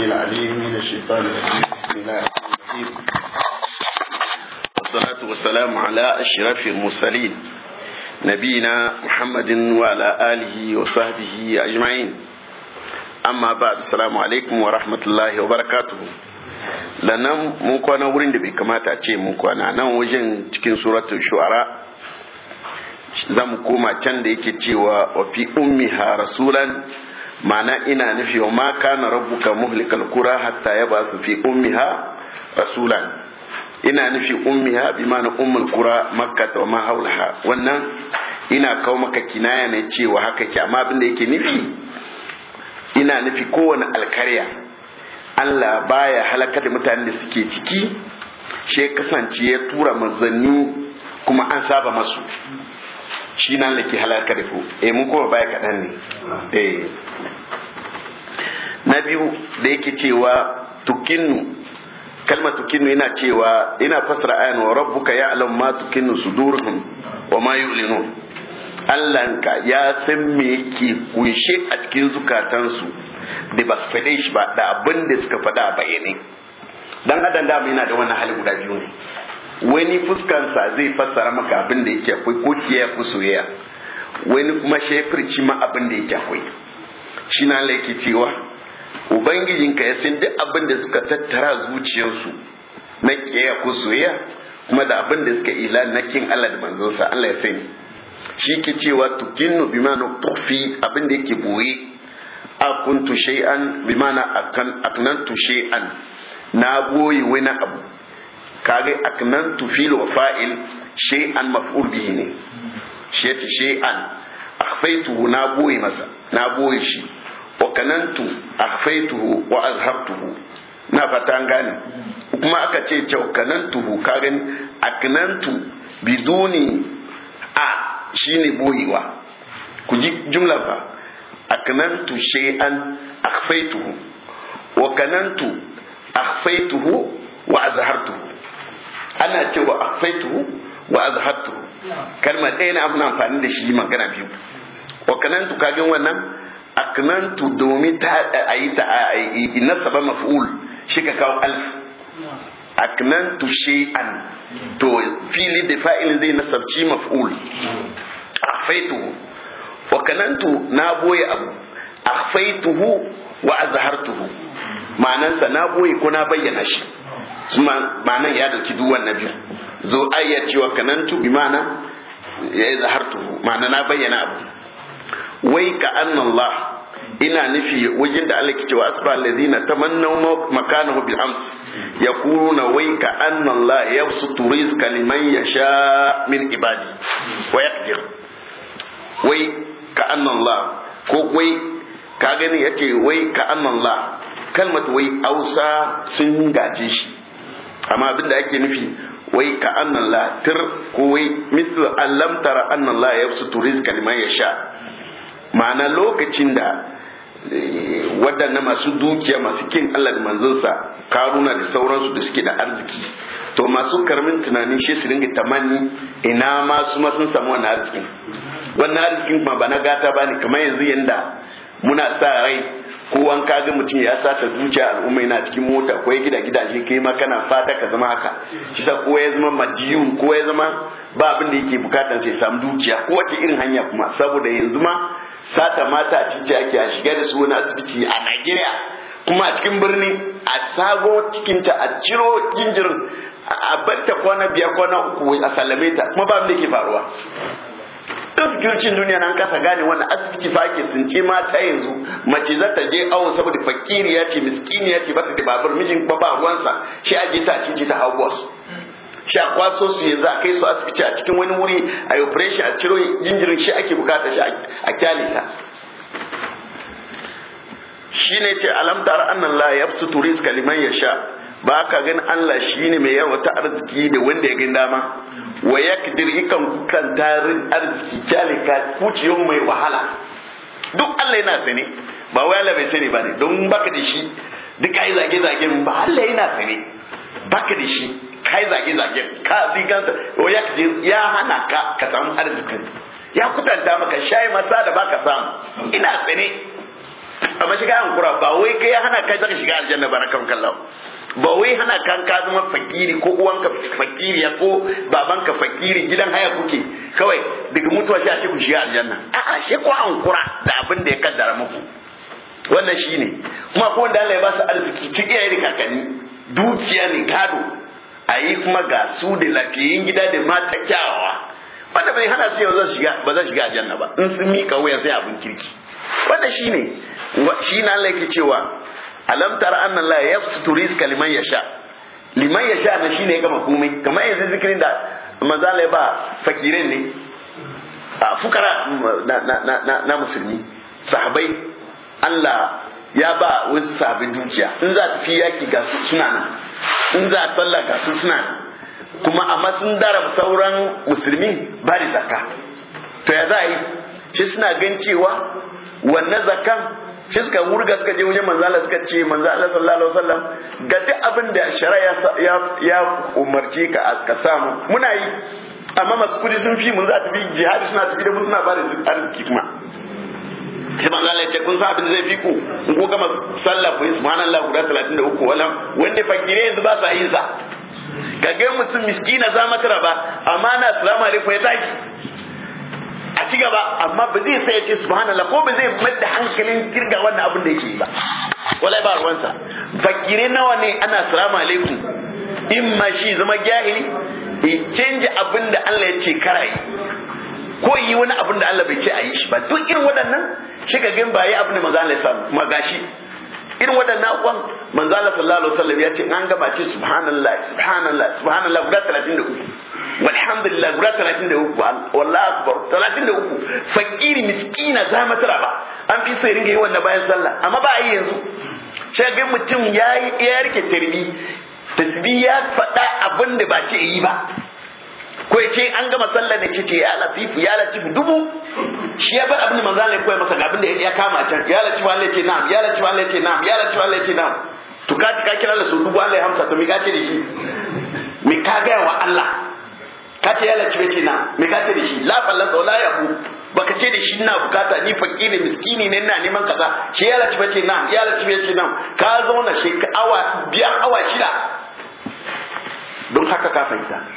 العليم من الشيطان الرجيم بسم الله الرحمن الرحيم والصلاة والسلام على أشرف المرسلين نبينا محمد وعلى آله وصحبه أجمعين أما بعد السلام عليكم ورحمة الله وبركاته lannan mun kwana wurin da bai kamata a ce mun kwana nan wajen cikin suratul shu'ara za mu koma can da yake cewa wa fi ummiha rasulan ma'ana ina nufi ma kana rabbuka muhlikal qura hatta yabasu fi ummiha rasulan ina nufi ummiha bi ma'ana ummul qura makka wa ma haulaha wannan ina kawo maka kinaya ne cewa haka ke amma abin da yake nufi ina nufi kowane alkarya Allah baya halaka da mutanen da suke ciki she kasance ya tura manzanni kuma an saba masu shi nan da ke halarka da ku eh mun kuma baya kaɗan ne eh. na biyu da yake cewa tukinnu kalma tukinnu yana cewa yana fasara ayan wa rabbuka ya alam ma tukinnu sudurhum wa ma yu'linun Allahnka ya san me yake kunshe a cikin zukatansu da ba su faɗe shi ba da abin da suka faɗa a bayyane dan adam da yana da wannan hali guda biyu ne wani fuskansa zai fassara maka abin da yake akwai ko kiyaye ko soyayya wani kuma shefirci ma abin da yake akwai shi na laiki cewa ubangijinka ya san duk abin da suka tattara zuciyarsu na kiyaye ko soyayya kuma da abin da suka ila na kin Allah da sa Allah ya sani shi ke cewa tukinnu bima na tufi abin da yake boye a kuntu shay'an bima na akan aknantu shay'an na boye wani abu kage aknantu fil wa fa'il shay'an maf'ul bihi ne shay'an shay'an akhfaytuhu na boye masa na boye shi wa kanantu akhfaytuhu wa azhabtuhu na fata an gane kuma aka ce caukanantuhu karin aknantu biduni a shine boyewa ku ji jumla ba aknantu shay'an akhfaytuhu wa kanantu akhfaytuhu wa azhartuhu ana cewa afaituhu wa azhabtuhu kalma ɗaya na abin amfani da shi magana biyu wa kanantu kagin wannan a kanantu domin ta ayi ta nasaba maf'ul shi ka kawo alf shi an. to fili da fa'il zai nasabci maf'ul afaituhu wa kanantu na boye abu afaituhu wa azhartuhu ma'anansa na boye ko na bayyana shi suma nan ya dauki duk wannan biyu zo ayyar cewa kanantu bi ma'ana ya yi zahartu ma'ana na bayyana abu wai ka annallah ina nufi wajen da Allah ke cewa asba alladhina tamannaw makanahu bil ams yaquluna wai ka annallah yabsutu rizqa liman yasha min ibadi wa yaqdir wai ka annallah ko wai ka gani yace wai ka annallah kalmat wai ausa sun gaje shi amma da ake nufi wai ka annan la tir ko wai mislu allam tara annan la ya su turis kalma ya sha ma'ana lokacin da eh, waɗannan masu dukiya masu kin Allah da manzansa karuna da sauransu da suke da arziki to masu karamin tunanin shi su ringa tamanni ina ma su ma sun samu wannan arzikin wannan arzikin kuma ba na gata ba ne kamar yanzu yanda muna sa rai ko ka ga mutum ya sasa zuciya al'umma yana cikin mota ko ya gida gidaje kai ma kana fata ka zama haka kisa ko ya zama majiyun ko ya zama ba abin da yake bukatar sai samu dukiya ko wace irin hanya kuma saboda yanzu ma sata mata a cikin ake a shiga da su wani asibiti a Najeriya kuma a cikin birni a sago cikinta a ciro jinjirin a barta kwana biyar kwana uku a sallame kuma ba abin da yake faruwa asibitocin duniya nan kasa gane wannan asibiti fa ake sunce mata yanzu mace za ta je awo saboda fakiri ya ce miskini ce bata da babur mijin ba ba ruwansa shi aje ta cince ta hau bus shi a kwaso su yanzu a kai su asibiti a cikin wani wuri a yi operation a ciro jinjirin shi ake bukata shi a kyale ta shi ne ce alamtar annan la ya fi liman ya sha ba ka gani Allah shi ne mai ta arziki da wanda ya gani dama wa ya kadir ikan kan tarin arziki kyale ka kuciyar mai wahala duk Allah yana sani ba wai Allah bai sani ba ne don baka da shi duk ai zage zage ba Allah yana sani baka da shi kai zage zage ka bi gansa wa ya kadir ya hana ka ka samu arzikin ya kutanta maka shayi masa da baka samu ina sani amma shiga an kura ba wai kai hana kai zaka shiga aljanna barakan kallahu ba wai hana kan ka zama fakiri ko uwanka fakiri ya ko babanka fakiri gidan haya kuke kawai daga mutuwa shi a ce ku shiga aljanna a shi ko an kura da abin da ya kaddara muku wannan shine kuma ko wanda Allah ya ba su arziki kike iyaye da kakanni dukiya ne gado ayi kuma ga su da lafiyin gida da mata kyawawa wanda bai hana su yanzu shiga ba za shiga aljanna ba in sun mika wuya sai abin kirki wanda shine shi na Allah yake cewa alam ya anna Allah yafsutu rizqa liman yasha liman yasha na shine ya gama komai kamar yanzu zikirin da mazala ya ba fakirin ne a fukara na, na, na, na musulmi sahabai Allah ya ba wasu sahabin dukiya in za tafi yaki ga su suna nan in za sallah ga su suna nan kuma amma sun darab sauran musulmi ba da zakka to ya za a yi shi suna gan cewa Wanne zakan shi suka wurga suka je wajen manzo Allah suka ce manzo Allah sallallahu alaihi wasallam ga duk abin da shari'a ya ya umarce ka ka samu muna yi amma masu kudi sun fi mun za ta bi jihad suna tafi da mu suna ba da arziki kuma sai manzo Allah ya ce kun san abin da zai fi ku in ku gama sallah ku subhanallahi guda 33 wala wanda fakire yanzu ba sa yin sa ga ga mutum miskina za maka raba amma na assalamu alaikum ya tashi a ci gaba amma ba zai sai ya ce subhanallah ko ba zai mai da hankalin kirga wannan abin da yake yi ba wallahi ba ruwansa fakire nawa ne ana salamu alaikum in ma shi zama jahili ya canja abin da Allah ya ce karai ko yi wani abin da Allah bai ce a yi shi ba duk irin waɗannan shi ga gan ba yi abin da maza Allah ya samu kuma gashi irin waɗannan abubuwan manzo Allah sallallahu alaihi wasallam ya ce an gaba ce subhanallah subhanallah subhanallah guda 33 walhamdulillah guda 33 wallahi akbar 33 fakiri miskina za mu tara ba an fi sai ringa yi wannan bayan sallah amma ba a yi yanzu ce ga mutum ya rike tarbi tasbiya ya faɗa abin da ba ce yi ba ko ya ce an gama sallar ne ce ya latifu ya latifu dubu shi ya bar abin da manzo Allah ya koya masa ga abin da ya kama can ya latifu Allah ce na'am ya latifu Allah ya ce na'am ya latifu Allah ya ce na'am to ka ci ka kira Allah su dubu Allah ya hamsa to mi ka ce da shi me ka ga wa Allah ka ce ya latifu ce na mi ka ce da shi la fallan la yabu baka ce da shi ina bukata ni fakiri miskini ne ina neman kaza shi ya latifu ce na ya latifu ce na ka zauna shi awa biyar awa shida don haka ka fahimta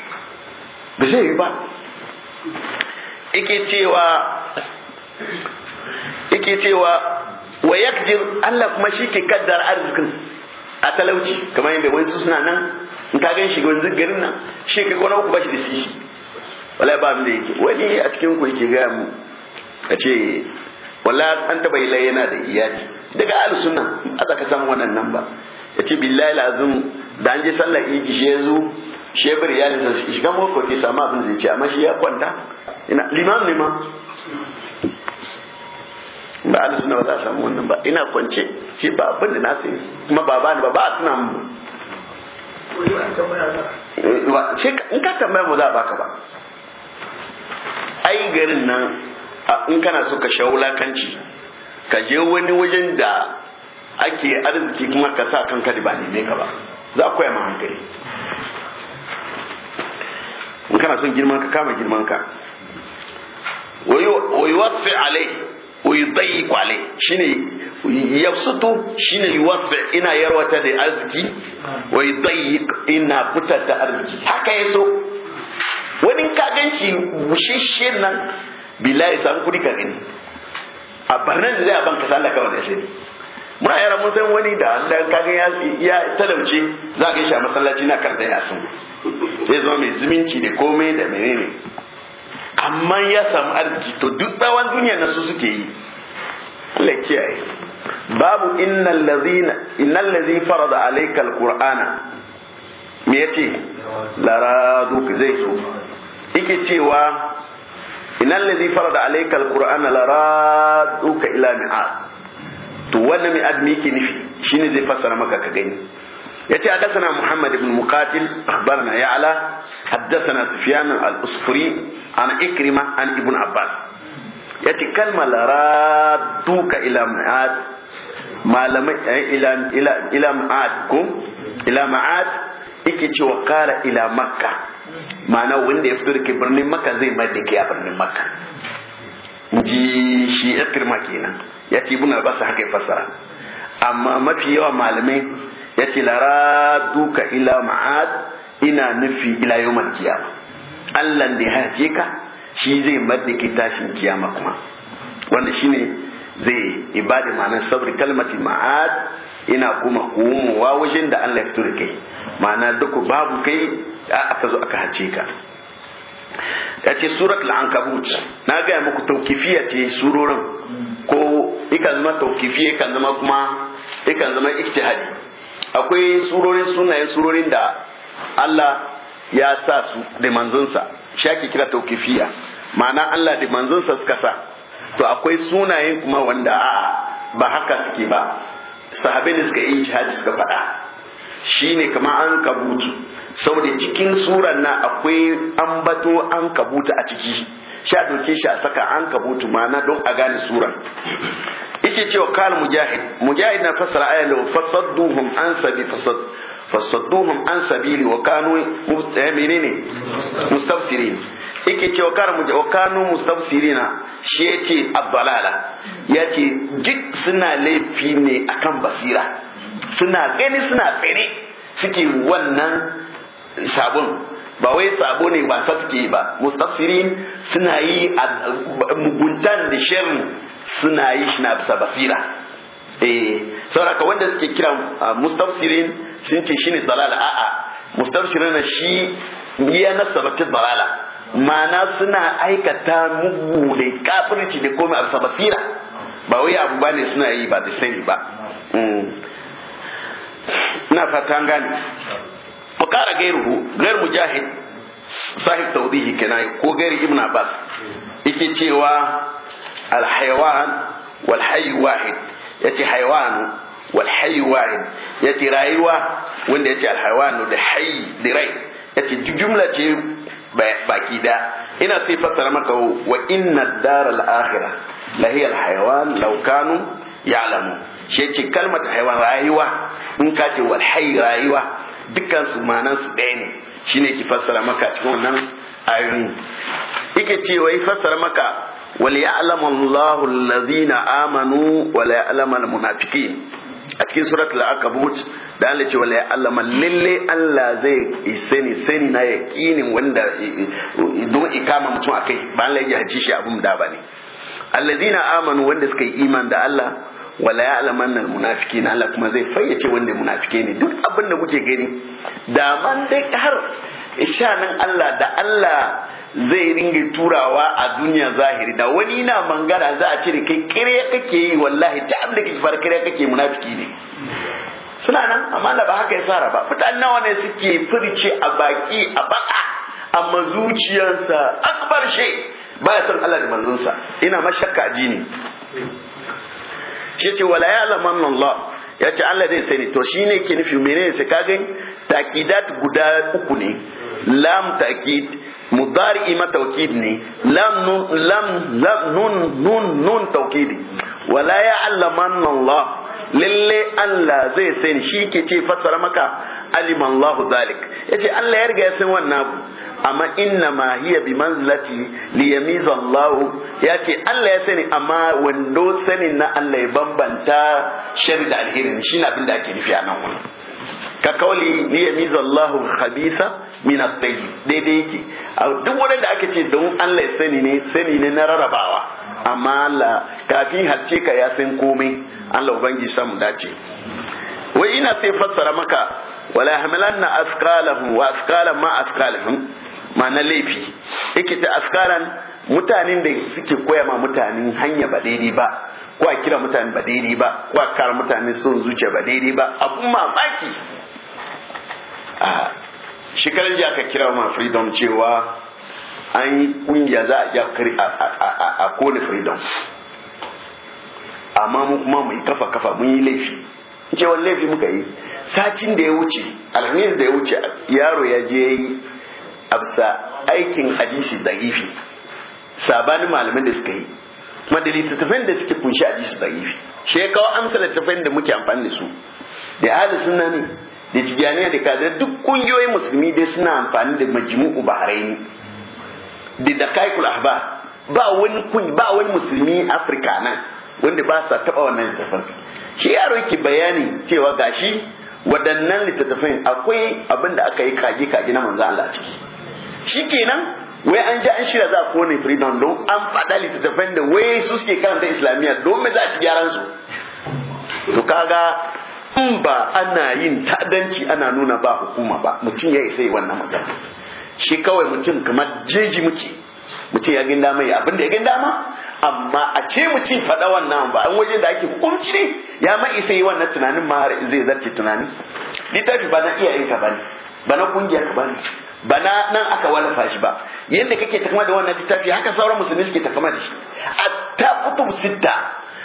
ba zai yi ba ike cewa ike cewa wa yakjir Allah kuma shi ke kaddara arzikin a talauci kamar yadda wani suna nan in ka gan shi wani garin nan shi ka kwana uku ba shi da shi wala ba mu da yake wani a cikin ku yake gaya mu a ce wala an taba yi yana da iyali daga al sunna a ka samu wannan nan ba ya ce billahi lazim da an je sallar iji shi ya zo shebir ya nisa su shiga boko ke samu abin zai ce amma shi ya kwanta ina limam ne ma ba a suna ba za a samu wannan ba ina kwance ce ba abin da na sai kuma ba ba ba a suna mu eh, in ka tambaya mu za a baka ba ai garin nan in kana so ka sha wulakanci ka je wani wajen da ake arziki kuma ka sa kanka da ba ne ka ba za a koya ma hankali in kana son girman ka kama girman ka wayuwatsi alai wayudai kwale shine yasutu shine yuwatsi ina yarwata da arziki wayudai ina fitar da arziki haka yaso wani ka ganci bushishshe nan bilahi san kudi ka gani a barnan da zai abanka banka sallah kawai da shi muna yara mun san wani da Allah kage ya ya talauce za ka shi a masallaci na karda ya sun sai zo mai zumunci da komai da menene amma ya samu arziki to duk tsawon duniya na su suke yi Allah kiyaye babu innal ladina innal ladhi farada alaykal qur'ana me yace laraduk zai so yake cewa innal ladhi farada alayka alqur'ana ka ila mi'ad to wannan mai adami yake nufi shine zai fassara maka ka gani yace hadathana muhammad ibn muqatil akhbarana ya'la hadathana sufyan al-usfuri an ikrima an ibn abbas yace kalmar raduka ila ma'ad malamai eh, ila ila ila ma'ad ko ila ma'ad yake cewa kara ila makka ma'ana wanda ya fito da ke birnin makka zai mai da ke a birnin makka ji shi firma kenan ya ce ba su haka ya fassara amma mafi yawa malamai ya ce lara duka ila ma'ad ina nufi ila yawmal kiyama Allah da ya ce ka shi zai madda ke tashin kiyama kuma wanda shine zai ibada ma'anar sabri kalmati ma'ad ina kuma komowa wajen da Allah ya fito ma'ana duk babu kai a aka zo aka hace ka ya ce surat al na gaya muku taukifiya ce surorin ko ikan zama taukifiya ikan zama kuma ikan zama ijtihadi akwai surorin sunayen surorin da Allah ya sa su da manzansa shi ake kira taukifiya ma'ana Allah da manzansa suka sa to akwai sunayen kuma wanda ba haka suke ba sahabin da suka yi jihadi suka faɗa Shi ne kama an kabutu saboda cikin suran na akwai an bato an kabuta a ciki sha doke shi a saka an kabutu mana don a gane suran ike cewa kal mujahid mujahid na fassara ayan da fasadduhum an sabi fasad fasadduhum an sabili wa kanu eh, menene mustafsirin ike cewa kar mujahid wa kanu mustafsirina shi yace abdalala yace duk suna laifi ne akan basira suna gani suna tsere suke wannan sabon ba wai sabo ne ba suke ba mustafsirin suna yi muguntan da shirin suna yi shi na bisa basira eh sauraka wanda suke kira mustafsirin sun ce shine dalala a'a mustafsirin shi ya na sabacin dalala ma'ana suna aikata mugu da kafirci da komai a bisa basira ba wai abu ba ne suna yi ba da sani ba hmm. ina fata gani fa qara gairuhu gair mujahid sahib tawdihi kenan ko gair ibn abbas yake cewa al wal hayy wahid yace haywan wal hayy wahid yace rayuwa wanda yace al da hayy da rai yace jumla ce baki da ina sai fassara maka wa inna ad-dar al-akhirah la hiya al-hayawan law kanu ya'lamu shi ce kalmar haiwa rayuwa in ka ce wal hayy rayuwa dukkan su manan su ɗaya ne shine ki fassara maka cikin wannan ayoyin yake ce wai fassara maka wal ya'lamu Allahu alladhina amanu wal ya'lamu al munafiqin a cikin surat al-akabut da Allah ce wala alama lalle Allah zai isani sani na yaqinin wanda eh, eh, don ikama mutum akai ba Allah ya ji shi abun da ba ne. alladina amanu wanda suka yi iman da Allah wala ya alaman nan munafiki na Allah kuma zai fayyace wanda munafike ne duk abin da muke gani da man dai har ishanin Allah da Allah zai ringa turawa a duniya zahiri da wani na mangana za a cire kai kire kake yi wallahi ta abin da kake fara kire kake munafiki ne suna nan amma da ba haka ya sara ba mutane nawa ne suke furce a baki a baka amma zuciyarsa akbar shi baya son Allah da manzonsa ina ma shakka shi ce wala ya lamanna Allah ya ce Allah zai sani to shine ke nufi menene sai gani takidat guda uku ne lam takid mudari ma tawkid ne lam nun lam lam nun nun nun tawkidi wala ya lamanna Allah lalle Allah zai sani shi ke ce fassara maka aliman Allah zalik yace Allah ya riga ya san wannan abu amma inna ma hiya bi manzilati li yamiza Allah yace Allah ya sani amma wando sanin na Allah ya bambanta shari da alherin shi na abin da ake nufi a nan wannan ka kauli li yamiza Allah khabisa min at-tayyib daidai yake duk wanda ake ce don Allah ya sani ne sani ne na rarrabawa amma Allah kafin harce ka ya san komai Allah ubangi samu dace wai ina sai fassara maka wala hamalanna asqalahu wa asqalan ma asqalahum ma'ana laifi yake ta askaran mutanen da suke koya ma mutanen hanya ba daidai ba ko a kira mutane ba daidai ba ko a kara mutane son zuciya ba daidai ba abun mamaki a ah, shekarar ji aka kira ma freedom cewa an yi kungiya za a ja kari a kone freedom amma mu kuma mu yi kafa kafa mun yi laifi cewa laifi muka yi sacin da ya wuce alhamis da ya wuce yaro ya je yi absa aikin hadisi da gifi sabanin malamin da suka yi kuma da littattafan da suke kunshi hadisi da gifi shi ya kawo amsa littattafan da muke amfani da su da hada suna ne da jigiyaniya da kadar duk kungiyoyin musulmi dai suna amfani da majimu'u bahraini da dakaikul ahba ba wani kun ba wani musulmi Afirka nan wanda ba sa taba wannan littafin shi yaro yake bayani cewa gashi waɗannan littattafan akwai abin da aka yi kage kage na manzo Allah ciki shikenan wai an ji an shirya za a kone freedom don an faɗa littattafan da wai su suke karanta islamiyya don me za a ci gyaran su to kaga in ba ana yin ta'addanci ana nuna ba hukuma ba mutum ya isa yi wannan magana shi kawai mutum kamar jeji muke mutum ya ginda mai abin da ya ginda ma amma a ce mutum faɗa wannan ba an waje da ake hukunci ne ya mai isa yi wannan tunanin ma har zai zarce tunani littafi ba na iyayen ka bane ba na kungiyar ka bane ba na nan aka wallafa shi ba yadda kake takama da wannan littafi haka sauran musulmi suke takama da shi a ta kutub sitta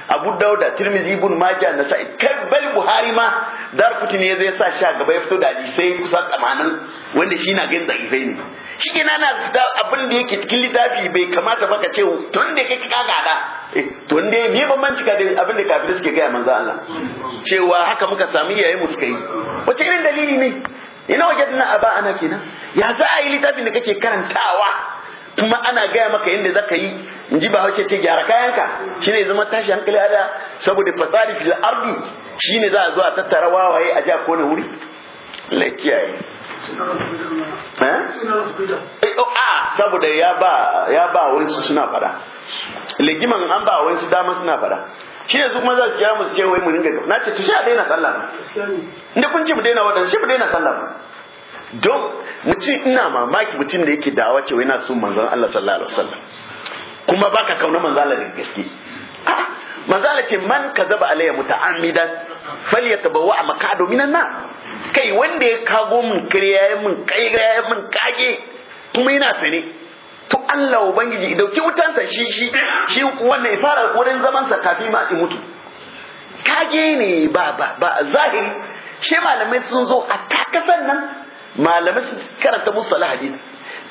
abu dauda tirmizi ibn majah nasa'i kai bal buhari ma dar ne zai sa sha gaba ya fito da hadisai kusa tsamanin wanda shi na gan zaifai ne shi ke nana da abin da yake cikin littafi bai kamata ba ka ce tun da kake kagada eh, tun da me bambanci ka da abin da kafin suke gaya manzo Allah cewa haka muka samu yayin mu suka yi wace irin dalili ne ina wajen na aba ana kenan ya za a yi littafin da kake karantawa kuma ana gaya maka yadda za ka yi in ji bahaushe ce gyara kayanka shi ne zama tashi hankali ada saboda fasari fil ardi shi ne za a zo a tattara wawaye a ja kone wuri lakiyaye eh? eh, a ah, saboda ya ba wani su suna fada legiman an ba wani su dama suna fada shi ne su kuma za su kira musu ce wai mu ringa na ce tushe a daina sallah inda kun ce mu daina wadansu shi mu daina sallah don mutum ina mamaki mutum da yake dawa cewa yana son manzon Allah sallallahu alaihi wasallam kuma baka kauna manzon Allah da gaske manzon Allah ce man kazaba alayya muta'ammidan a maka minan na kai wanda ya kago mun kariya ya mun kai ya mun kage kuma yana sane to Allah ubangiji dauki wutansa shi shi shi wannan ya fara wurin zaman sa kafin ma in mutu kage ne ba ba ba zahiri she malamai sun zo a takasan nan malamai su karanta mustalah hadisi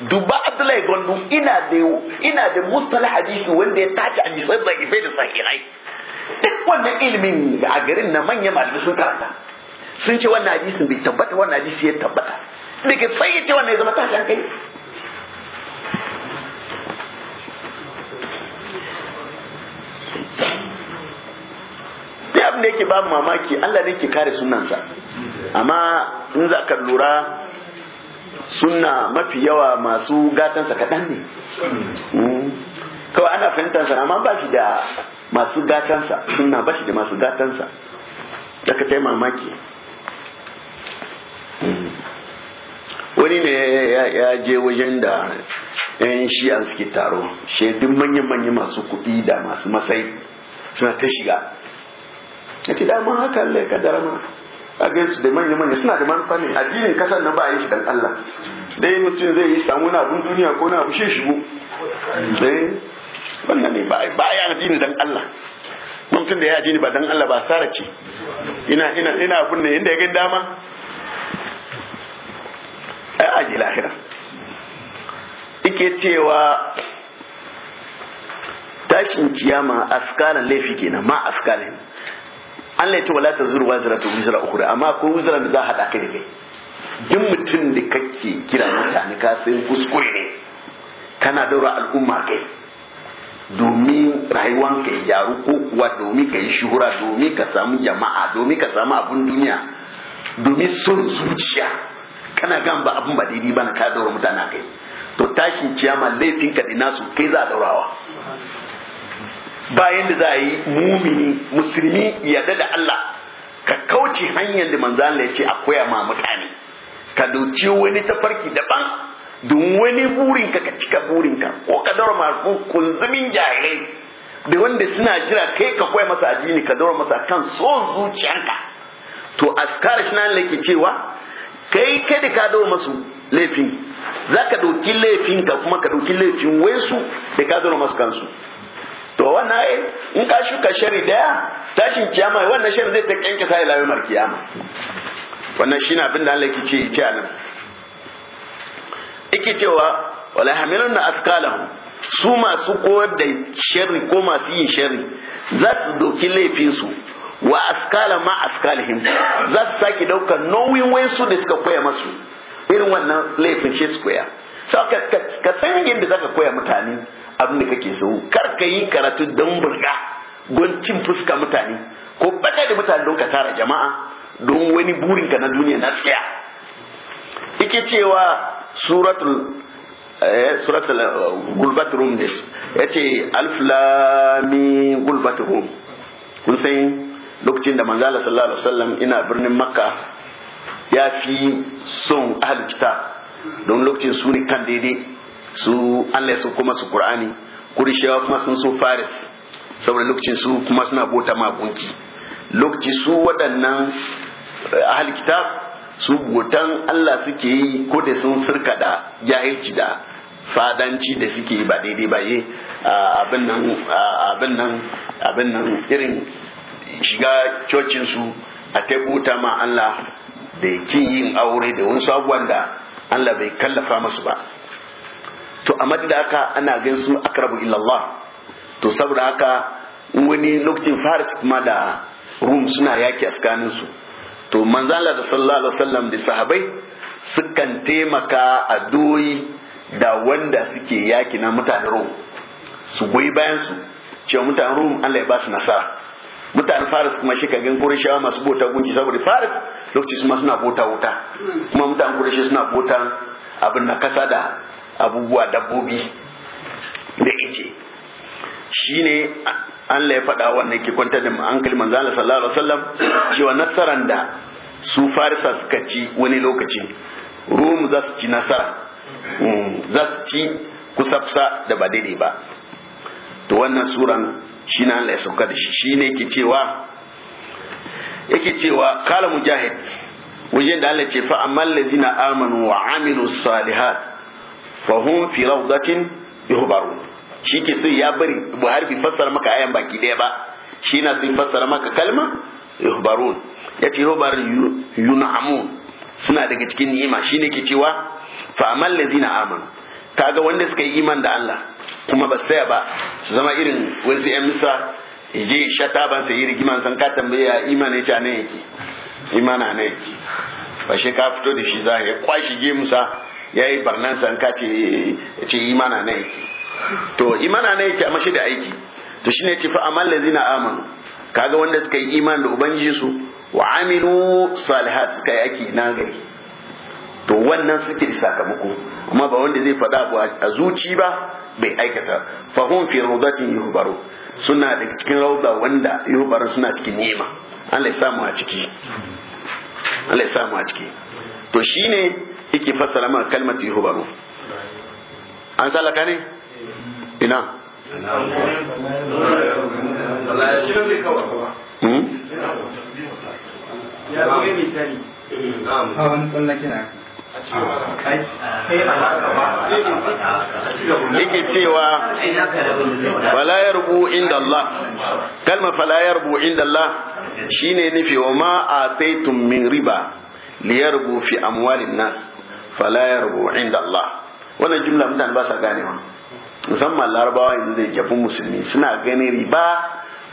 dubba abdullahi gondu ina da ina da mustalah hadisi wanda ya tace hadisai da ife da sahihai duk wannan ilimin a garin na manyan malamai sun karanta sun ce wannan hadisi bai tabbata wannan hadisi ya tabbata daga sai ya ce wannan ya zama ta hankali kai? abin da yake babu mamaki Allah ne ke kare sunansa amma in za ka lura suna mafi yawa masu gatansa kaɗan ne kawai hmm. ana fahimtar sa amma ba shi da masu gatansa suna ba shi da masu gatansa daga ta mamaki hmm. wani ne ya je wajen da yan an suke taro shaidun manya-manya masu kuɗi da masu masai suna ta shiga ya ce dama haka lai ka darama kage su da manya manya suna da manufa ne addinin kasar nan ba a yi shi dan Allah dai mutum zai yi samu na abin duniya ko na abu shi shigo dai eh, wannan ne ba a ya addini dan Allah mutum da ya addini ba dan Allah ba sara ce ina ina ina abun ne inda ya gan dama ai aji lahira ike cewa tashin kiyama askalan laifi kenan ma askalan Allah ya ce wala tazuru wazratu wizra ukhra amma ko wizra da za hada kai da kai duk mutum da kake kira mutane ka sai kuskure ne kana daura al'umma kai domin rayuwar ka yaru ko kuwa domin ka yi shuhura domin ka samu jama'a domin ka samu abun duniya domin son zuciya kana gan ba abun ba daidai ba na ka daura mutane kai to tashin ciyama laifin ka dinasu kai za a daurawa bayan da za a yi mumini musulmi yarda da Allah ka kauce hanyar da manzan ya ce a koya ma mutane ka dauce wani tafarki daban don wani burinka ka cika burinka ko ka dora masu kunzumin jahilai da wanda suna jira kai ka koya masa ajini ka dora masa kan so zuciyanka to a askar shi nan lake cewa kai kada ka dora masu laifin zaka dauki laifin ka kuma ka dauki laifin waisu da ka dora masu kansu to wannan in ka shuka shari daya tashin kiyama wannan shari zai ta kyanke sai mar kiyama wannan shine abin da Allah yake ce yace anan yake cewa wala hamilun athqalahum su masu koyar da shari ko masu yin shari, za su doki laifin su wa askala ma askalihim za su sake daukar nauyin wayansu da suka koya masu irin wannan laifin shi su koya ka san yadda za ka koya mutane abin da kake so kar ka yi karatu don burga don fuska mutane ko bada da mutane don ka tara jama'a don wani burin ka na duniya na tsaya ike cewa suratul eh, suratul uh, gulbatrum ne yace ce alflami gulbatrum kun san lokacin da manzala sallallahu alaihi wasallam ina birnin makka ya fi son ahlul kitab don lokacin su ne kan daidai su Allah ya sauko masu Qur'ani kurishewa kuma sun so Faris saboda lokacin su kuma suna bota magunki lokaci su waɗannan eh, ahal kitab su botan Allah suke yi ko da sun sirka da jahilci da fadanci da suke yi ba daidai ba ye eh, abin nan abin nan abin nan irin shiga cocin su a ta bota ma Allah da kin yin aure da wasu abubuwan da Allah bai kallafa masu ba to a da haka ana gan su akrabu illallah to saboda haka wani lokacin faris kuma da rum suna yaki a tsakanin su to manzala da sallallahu alaihi wasallam da sahabbai sukan taimaka a doyi da wanda suke yaki na mutanen rum su goyi bayan su cewa mutanen rum Allah ya ba su nasara mutanen faris kuma shi ka gan kurishawa masu bota gunki saboda faris lokaci suma suna bota wuta kuma mutanen kurishi suna bota abin na kasa da abubuwa dabbobi da ice shi ne an ya faɗa wannan ke kwantar da hankali manzo Allah sallallahu alaihi wasallam cewa nasaran da su farisa suka ci wani lokacin rum za su ci nasara hmm, za su ci kusafsa da ba daidai ba to wannan suran shi na Allah ya sauka da shi shi ne yake cewa yake cewa kala mujahid wajen da Allah ce fa amman lazina amanu wa amilu salihat fa hum fi rawdatin yuhbaru shi ke so ya bari Buhari bai fassara maka ayan baki daya ba shi na sun fassara maka kalma ya ce yuhbarun yun'amu suna daga cikin ni'ima ne ke cewa fa amman lazina amanu kaga wanda suka yi iman da Allah kuma ba saya ba su zama irin wasu yan misra je shata taban sai yi giman san ka tambaya imanin ta ne yake imana ne yake ba shi ka fito da shi za ya kwashi ge ya yi barnan san ka ce imana ne yake to imana ne yake amma shi da aiki to shine ce fa amal lazina amanu kaga wanda suka yi imani da ubangiji su wa amilu salihat suka yi aiki na gari to wannan suke sakamako amma ba wanda zai faɗa abu a zuci ba bai aikata fa fi rawdatin yubaru suna da cikin rauda wanda yuhbaru suna cikin nema Allah ya samu a ciki Allah ya samu a ciki to shine yake fassara ma kalmar yubaru an sala ne ina Ya, yake cewa falayarbu inda Allah kalma falayarbu inda Allah shi shine nufi wa ma a taitun min riba liyarbu fi amwalin nas falayarbu inda Allah wannan jumla mutane ba sa ganewa musamman larabawa yanzu da yake musulmi suna ganin riba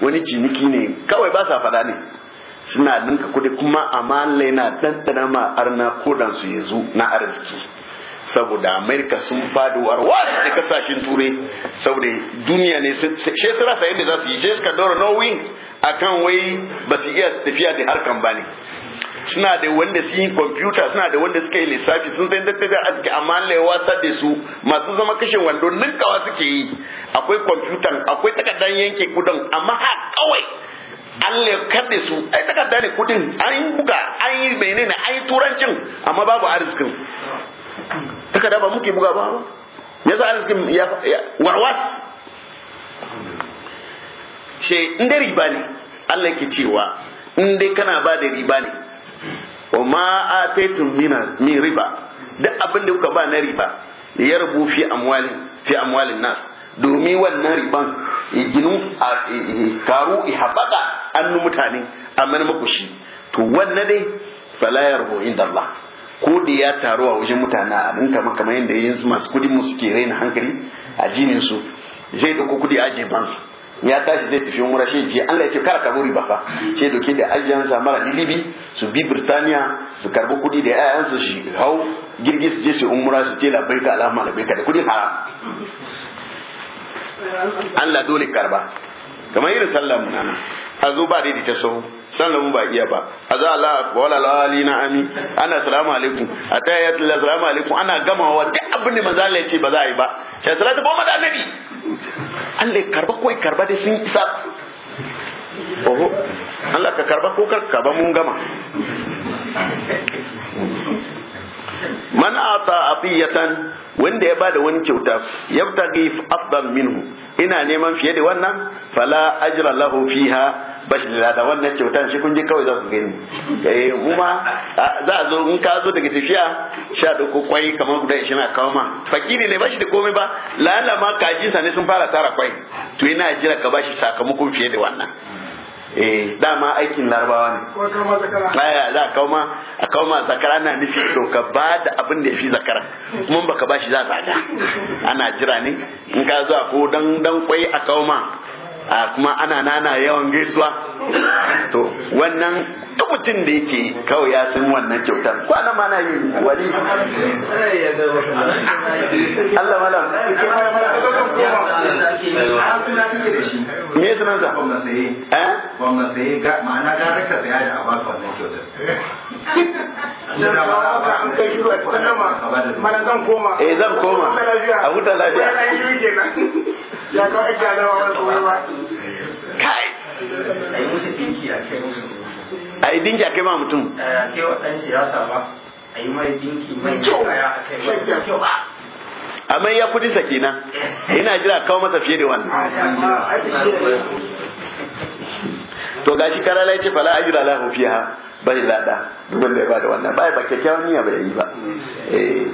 wani ciniki ne kawai ba sa fada ne suna dinka kuɗi kuma amala na ɗanɗana ma'ar na kodansu ya zo na arziki saboda amerika sun fadi ruwa da kasashen turai saboda duniya ne shi su rasa yadda za su yi shi suka dora norwin a kan wai ba su iya tafiya da harkan ba ne suna da wanda su yi kwamfuta suna da wanda suka yi lissafi sun san a arziki amma lai wasa da su masu zama kashe wando ninkawa suke yi akwai kwamfuta akwai takardar yanke kudan amma ha kawai an ya karɗe su ai takarda ne kudin an yi buga an yi menene an yi turancin amma babu arzikin takarda ba muke buga ba ya za arzikin ya warwas ce in dai riba ne Allah yake cewa in dai kana ba da riba ne wa ma ataitum min riba duk abin da kuka ba na riba yarbu fi amwalin fi amwalin nas domin wannan riban ginu a karu ihabaka annu mutane amma na makushi to wannan dai falayar ho inda Allah ko da ya taru a wajen mutane a kama makamai yadda yanzu masu kudi musu ke raina hankali a jinin su zai dauko kudi a jeban su ya tashi zai tafi mura shi je Allah ya ce kar ka zo riba fa ce doke da sa mara dilibi su bi Birtaniya su karbi kudi da ayyansu shi hau girgi su je su umura su ce labbaika alama labbaika da kudi haram Allah dole karba kamar irin sallar mu nan a zo ba dai ta sahu sallar mu ba iya ba a za Allah wala lali na ami ana salamu alaikum a ta ya tilla salamu alaikum ana gamawa duk abin da manzo Allah ya ce ba za a yi ba sai salatu ba ma da annabi Allah karba koi karba da sun isa oho Allah ka karba ko karka ba mun gama man ata atiyatan wanda ya bada wani kyauta yabtaqi afdal minhu ina neman fiye da wannan fala ajra lahu fiha bashi da wannan kyautan shi kun ji kawai za ku gani eh kuma za a zo in ka zo daga tafiya sha da ko kwai kamar guda 20 a kawo ma fakiri ne bashi da komai ba lalama kaji sa ne sun fara tara kwai to ina jira ka bashi sakamakon fiye da wannan eh dama aikin larabawa ne aya za kawo ma a kawo zakara na nufi to ka ba da abin da ya fi zakara kuma baka ba shi za tsada ana jira ne in ka zuwa ko dan dan kwai a kauma a kuma ana nana yawan gaisuwa to wannan duk mutum da yake kawai ya san wannan kyautar ko ana mana yi wani Allah malam me yasa nan za eh gwamnati ga ma'ana ga raka tsaya da abaka wannan kyautar mana zan koma eh zan koma a huta lafiya ya ake a yi dinki a ma mutum eh, a siyasa ba a mai dinki mai kaya mai ba ya kudi sakina eh. ina jira kawo masa fiye da wannan to gashi karala yace fala ajira lahu fiha bari lada duk da ya da wannan bai ba kyakkyawan niyya bai yi ba eh.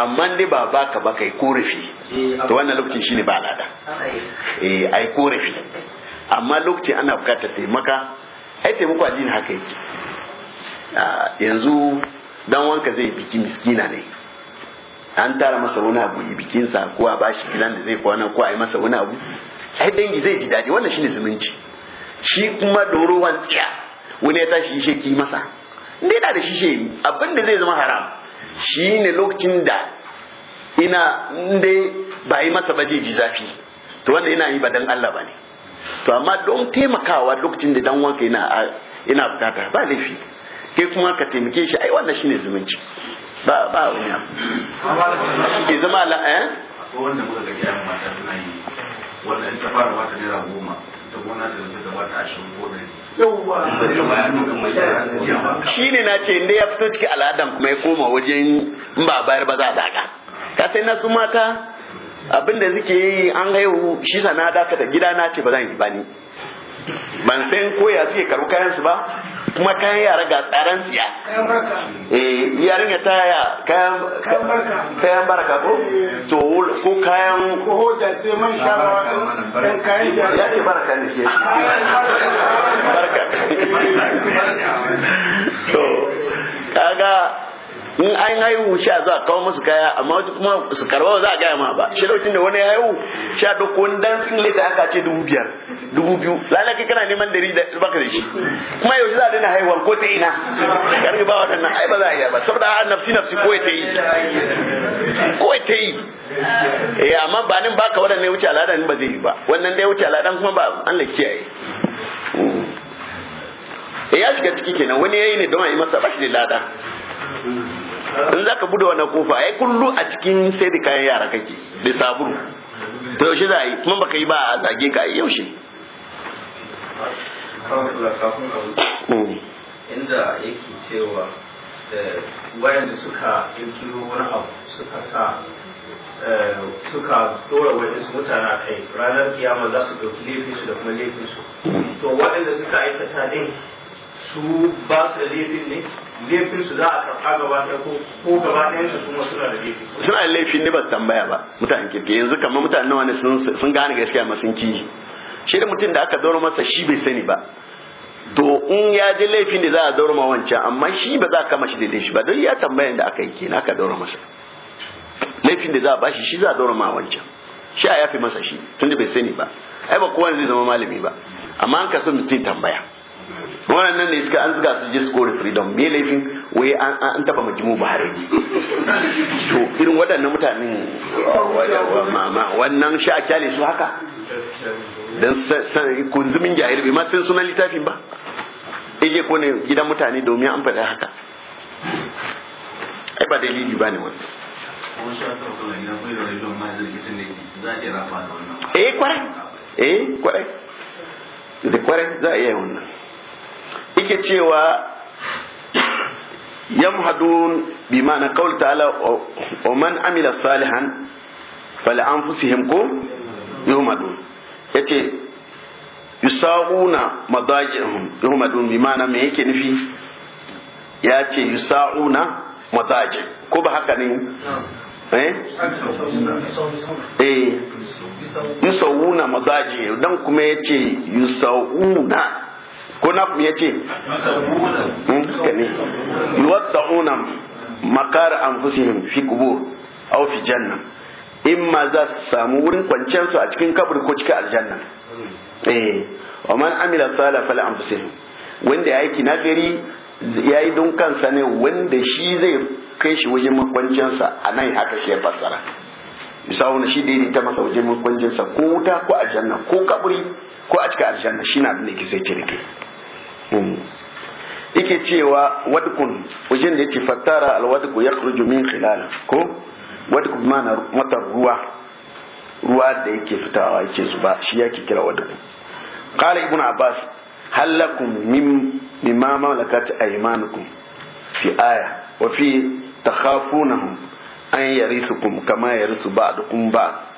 amma ne ba baka ba kai korafi eh, to wannan lokacin shine ba lada eh ai korafi amma lokacin ana bukatar taimaka ai taimako ajin haka yake ah, yanzu dan wanka zai biki miskina ne an tara masa wani abu yi bikinsa ko a bashi gidan da zai kwana ko a yi masa wani abu ai dangi zai ji daɗi wannan shine zumunci shi kuma doro tsiya wani ya tashi shi ki masa inda yana da shi shi abin da zai zama haram shi ne lokacin da ina inda ba yi masa ba ji zafi to wanda ina yi ba dan Allah ba ne to amma don taimakawa lokacin da dan wanka ina ina bukata ba laifi kai kuma ka taimake shi ai wannan shine zumunci ba ba wani abu ke zama la eh wanda muka ga gidan mata suna yi wanda ta fara mata naira goma shi ne na ce inda ya fito ciki al'adan kuma ya koma wajen in ba bayar ba za a daga ka sai na su mata abinda da suke yi an haihu shi sana da gida na ce ba zan yi ba ni ban san ko ya suke karu kayan su ba kuma kayan yara ga tsaran siya eh yarin ya taya kayan kayan baraka ko eh. to ko kayan ko hoda sai man sharawa kan kayan ya ce baraka ne shi baraka to in an haihu sha za a kawo musu kaya amma wata kuma su karba za a gaya ma ba shi lokacin da wani haihu sha doko wani dan singlet aka ce dubu biyar dubu biyu lalai kai kana neman dari da baka da shi kuma yaushe za a daina haihuwar ko ta ina karfi ba waɗannan ai ba za a iya ba saboda a nafsi nafsi ko ta yi ko ta yi eh amma ba nan baka waɗannan ya wuce aladan ba zai yi ba wannan da ya wuce aladan kuma ba Allah kiyaye eh, ya shiga ciki kenan wani yayi ne don a yi masa bashi da lada in za ka bude wannan kofa ai kullu a cikin sai da kayan yara kake da sabulu to yaushe za a yi kuma baka yi ba a zage ka yi yaushe inda yake cewa eh, wayanda suka kirkiro wani abu suka sa eh, suka dora wani su mutane a kai ranar kiyama za su ɗauki laifinsu da kuma laifinsu to waɗanda suka aikata din su ba su da laifin ne laifin su za a karɓa gaba ɗaya ko ko gaba ɗayan su kuma suna da laifin suna da laifin ne ba su tambaya ba mutanen kirki yanzu kamar mutanen nawa ne sun gane gaskiya ma sun kiyi shi da mutum da aka dauro masa shi bai sani ba to in ya ji laifin da za a dauro ma wancan amma shi ba za a kama shi da laifi ba don ya tambaya da aka yi kenan aka dauro masa laifin da za a bashi shi za a dauro ma wancan shi a yafi masa shi tunda bai sani ba ai ba kowa zai zama malami ba amma an kasu mutum tambaya waɗannan ne suka an suka su just go freedom me laifin wai an taba majimu buhari to irin waɗannan mutanen wannan sha kyale su haka dan kunzumin jahil bai ma san sunan littafin ba ije ko ne gidan mutane domin an faɗa haka ai ba dalili ba ne wani eh kwarai eh kwarai da kwarai za a iya wannan ike cewa yamhadun bi ma'ana qaul ta'ala wa man amila salihan fala anfusihim ko yuhmadun yace yusa'una madajihum yuhmadun bi ma'ana me yake nufi ya ce yusa'una madajih ko ba haka ne eh eh yusa'una madajih dan kuma yace yusa'una ko na kuma ya ce hmm? gani yuwadda'una makara anfusihim fi qubur aw fi janna in ma za su samu wurin kwanciyar a cikin kabur ko cikin aljanna eh wa man amila sala fala fi, wanda ya yi yayi gari ya yi don kansa ne wanda shi zai kai shi wajen makwancinsa a nan haka shi ya fassara misawo na shi daidai ta masa wajen makwancinsa ko wuta ko aljanna ko kaburi ko a cikin aljanna shi na da ne ki sai da kai ike cewa wadkun wajen da ya ce fattara alwadku yakhruju min khilal ko wadku mana mata ruwa ruwa da yake fitawa yake zuba shi yake kira wadku qala ibnu abbas halakum mim mimma malakat aymanukum fi aya wa fi takhafunahum an yarisukum kama yarisu ba'dukum ba'd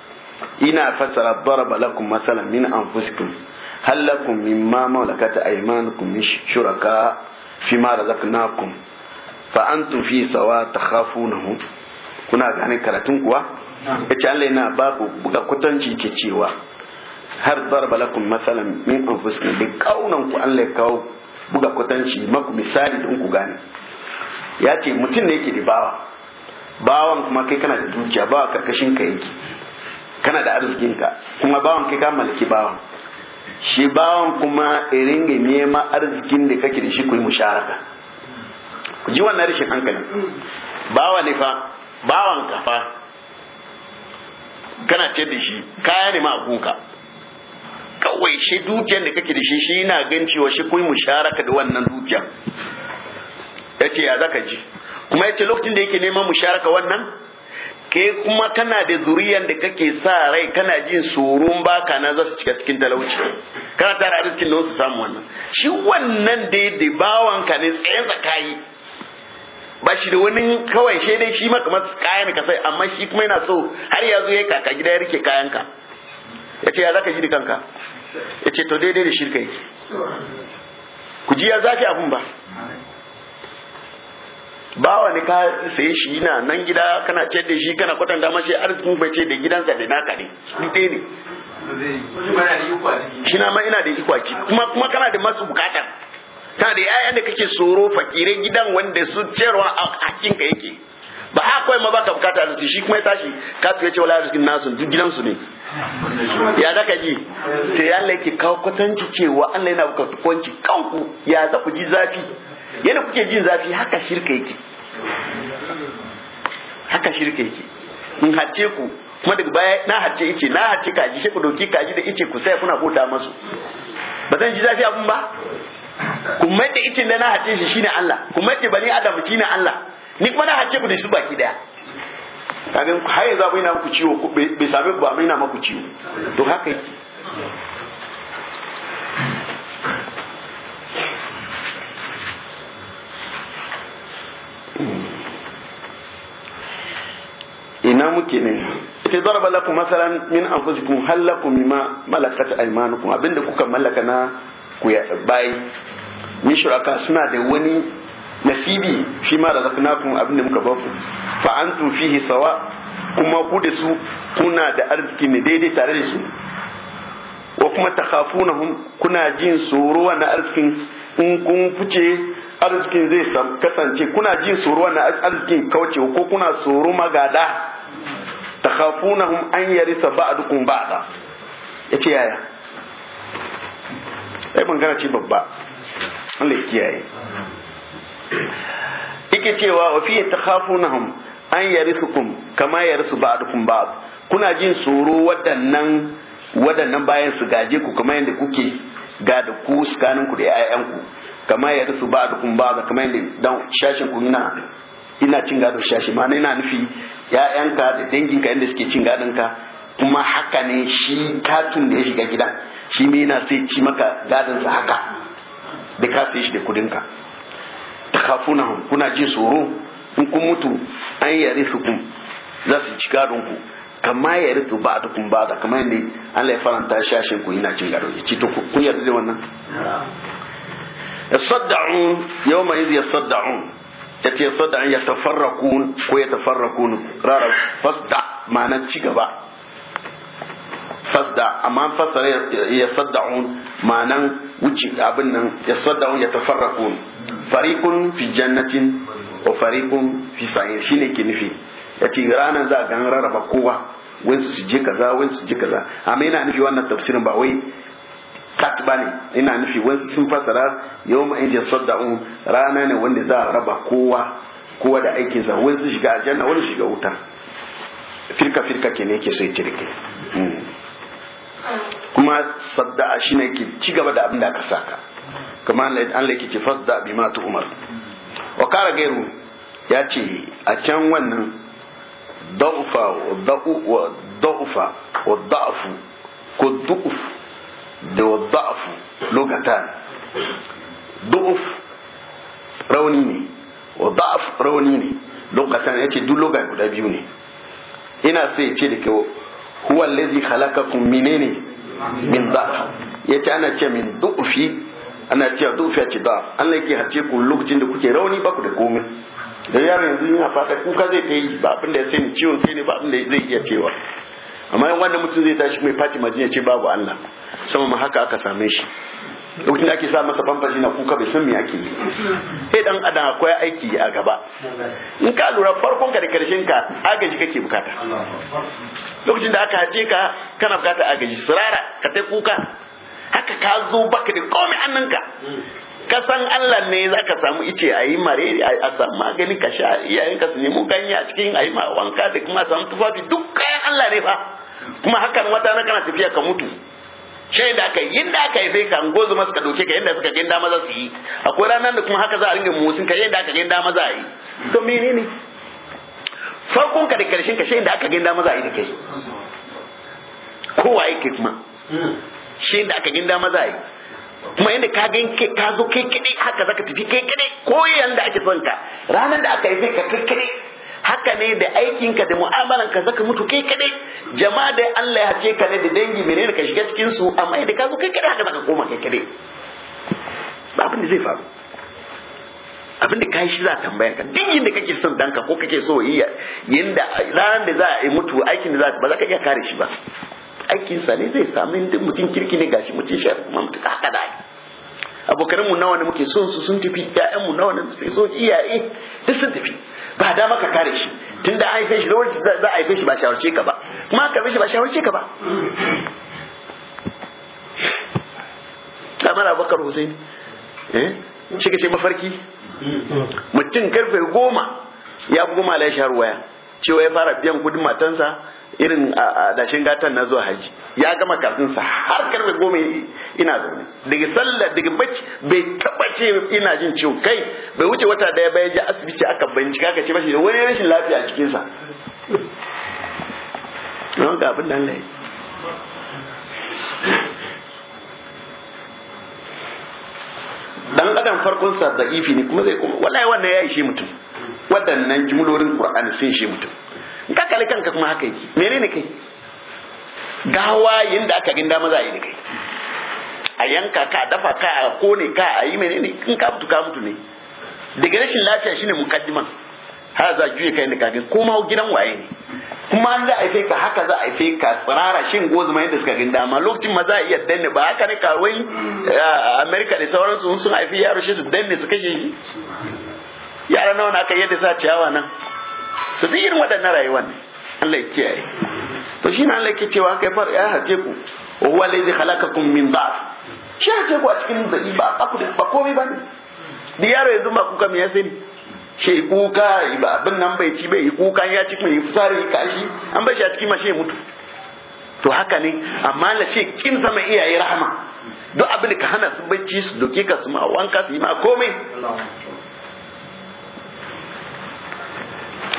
ina fasara daraba lakum masalan min anfusikum hal lakum mimma malakat aymanukum min shuraka fi ma razaqnakum fa antum fi sawa takhafunahu kuna ganin karatun kuwa yace Allah yana ba ku buga kutanci ke cewa har daraba lakum masalan min anfusikum bi kaunan ku Allah ya kawo buga kutanci maku misali din ku gane Yace mutum ne yake da bawa bawan kuma kai kana da dukiya bawa karkashin ka yake kana da arzikinka kuma bawan kai ka malaki bawan shi bawan kuma ga nema arzikin da kake da shi ku yi musharaka ku ji wannan rashin hankali bawa ne fa bawan ka fa kana ce da shi kaya ne ma abunka kawai shi dukiyar da kake da shi shi na gan cewa shi ku yi musharaka da wannan dukiya yace ya zaka ji kuma yace lokacin da yake neman musharaka wannan ke kuma kana da zuriyan da kake sa rai kana jin tsoron baka na za su cika cikin talauci kana tara arzikin da su samu wannan shi wannan dai da bawanka ne tsayen tsakayi ba shi da wani kawai shi dai shi maka masu kayan ka sai amma shi kuma yana so har ya zo ya kaka gida ya rike kayan ka ya ce ya zaka shi da kanka ya ce to daidai da shirka yake ku ji ya zaki abun ba bawa ne ka saye shi na nan gida kana ce da shi kana kwatanta mashi arzikin bai ce da gidansa da naka ne duk dai ne shi na ma ina da ikwaci kuma kuma kana da masu bukata ta da ƴaƴan da kake soro fakirai gidan wanda su cewa hakkin ka yake ba a kawai ma baka bukata su shi kuma ya tashi ka tsaye ce wala arzikin nasu duk gidansu ne ya da ka ji sai Allah yake kawo kwatanci cewa Allah yana bukatun kwanci kanku ya za ji zafi yadda kuke jin zafi haka shirka yake haka shirka yake in hace ku kuma daga baya na hace ice na hace kaji shi ku doki kaji da ice ku sai kuna bota masu ba zan ji zafi abun ba kuma da icin da na hace shi shine Allah kuma mai bani adam shine Allah ni kuma na hace ku da su baki daya kaga har yanzu abin na muku ciwo bai same ku ba mai na muku ciwo to haka yake ina muke ne ta zarba lakum masalan min anfusikum hal lakum mimma malakat aymanukum abinda kuka mallaka na ku ya bayi min shuraka suna da wani nasibi shi ma razaqnakum abinda muka ba ku fa antum fihi sawa kuma ku da su kuna da arziki ne daidai tare da su wa kuma takhafunahum kuna jin tsoro na arzikin in kun fice arzikin zai kasance kuna jin tsoro na arzikin kauce ko kuna tsoro magada takhafunahum an yarisa ba'dukum ba'da yace yaya ai magana ce babba Allah ya kiyaye yake cewa wa fi takhafunahum an yarisukum kama yarisu ba'dukum ba'd kuna jin tsoro waɗannan waɗannan bayan su gaje ku kamar yadda kuke ga da ku tsakanin ku da ƴaƴan ku kama yarisu ba'dukum ba'd kamar yadda dan shashin ku ina cin gado shashi ma ina nufi ya'yanka da danginka inda suke cin gadon ka kuma haka ne shi katin da ya shiga gida shi me yana sai ci maka gadon sa haka da ka sai shi da kudin ka takhafunahum kuna jin tsoro in kun mutu an yare su kun za su ci gadon ku kama ya rizu ba a kun ba da kama yadda Allah ya faranta shashin ku yana cin gado ya ci to kun yarda da wannan yasadda'un yawma idh yasadda'un yace sadda an yatafarraqun ko yatafarraqun rara fasda ma'ana ci gaba fasda amma fasara ya sadda'un ma'anan wuce abin nan ya sadda'un ya tafarraqun fariqun fi jannatin wa fariqun fi sa'in shine ke nufi yace ranan za a gan rarraba kowa wai su je kaza wai su je kaza amma yana nufi wannan tafsirin ba wai katiba ne ina nufi wasu sun fasara yau ma inda sadda'un rana ne wanda za a raba kowa kowa da aikinsa wasu shiga aljanna wani shiga wuta firka firka ke ne ke so cirke hmm. kuma sadda'a ne ke ci gaba da abin da aka saka kuma an laiki ce fasda bi matu umar wa kara gairu ya ce a can wannan da'ufa wa da'ufa ko du'uf da wadda'afu lokatan du'uf rauni ne wadda'af rauni ne lokatan ce duk loga guda biyu ne ina sai ya ce da kyau huwa kun mine ne min ya ce ana ce min du'ufi ana ce duk ya ce da an laike hace ku lokacin da kuke rauni ba ku da komi. da yaron yanzu yana fata kuka zai ta yi ba abin da ya ni ciwon kai ne ba abin da zai iya cewa amma yan wanda mutum zai tashi mai faci madina ce babu Allah sama ma haka aka same shi lokacin da ake sa masa famfashi na kuka bai san me ake yi sai dan adam akwai aiki a gaba in ka lura farkon ka da karshen ka agaji kake bukata lokacin da aka haje ka kana bukata agaji sirara ka tai kuka haka ka zo baka da komai annanka ka san Allah ne za samu ice ayi yi mare a samu magani ka sha iyayen ka su nemo ganye a cikin a yi wanka da kuma samu tufafi duk kayan Allah ne fa kuma hakan wata na kana tafiya ka mutu shi da aka yi yadda aka yi sai ka gozo masu ka doke ka yadda suka ginda maza su yi akwai ranar da kuma haka za a ringa musin ka yadda aka ginda maza yi to menene farkon ka da karshen ka shi da aka ginda maza yi da kai kowa yake kuma shi da aka ginda maza yi kuma yadda ka ke ka zo kai kide haka zaka tafi kai kide ko yanda ake son ka ranar da aka yi sai ka kai kide haka ne da aikinka da mu'amalanka zaka mutu kai kadai jama'a da Allah ya hace ka ne da dangi menene ka shiga cikin su amma idan ka zo kai kadai haka zaka koma kai kadai ba abin da zai faru abin da kai shi za tambaya ka duk da kake son danka ko kake so yi yanda ran da za a yi mutu aikin da za ba za ka iya kare shi ba aikin sa ne zai samu inda mutum kirki ne gashi mutum shi kuma mutum haka da abokanan mu nawa ne muke son su sun tafi ƴaƴan mu nawa ne muke so iyaye duk sun tafi ba da maka kare shi tunda an haife shi da za a haife shi ba shawarce ka ba kuma ka shi ba shawarce ka ba kamar abubakar hussein eh shi ce mafarki mutum karfe goma ya goma la ya waya cewa ya fara biyan kudin matansa irin dashin gatan na zuwa haji ya gama kafinsa har karfe goma ina zaune daga sallah daga bacci bai taba ce ina jin ciwo kai bai wuce wata daya bai je asibiti aka bincika aka ce mashi da wani rashin lafiya a cikinsa don ga abin nan lai dan adam farkon sa ifi ne kuma zai kuma wallahi wannan ya ishe mutum wadannan jimlorin qur'ani sun ishe mutum ka kalli kanka kuma haka yake menene kai gawa yanda aka ginda maza yi ne kai a yanka ka dafa ka a kone ka a yi menene in ka mutu ka mutu ne daga rashin lafiya shine mukaddiman har za juye kai ne kafin ko ma gidan waye ne kuma an za a haife ka haka za a haife ka tsirara shin gozuma yadda suka gani dama lokacin ma za a iya danne ba haka ne karuwai amerika da sauransu sun haifi yaro shi su danne su kashe shi yara nawa na aka yadda sa ciyawa nan to duk irin waɗannan rayuwar ne Allah ya kiyaye to shi ne Allah ke cewa kai far ya hace ku wa huwa allazi khalaqakum min da'f shi ce ku a cikin da ba ba ku ba komai ba ne yaro yanzu ma kuka me ya sani shi kuka ba abin nan bai ci bai kuka ya ci mai fusari kashi an bar shi a cikin mashi ya mutu to haka ne amma la ce kin sama iyaye rahama duk abin da ka hana su bacci su doke ka su ma wanka su yi ma komai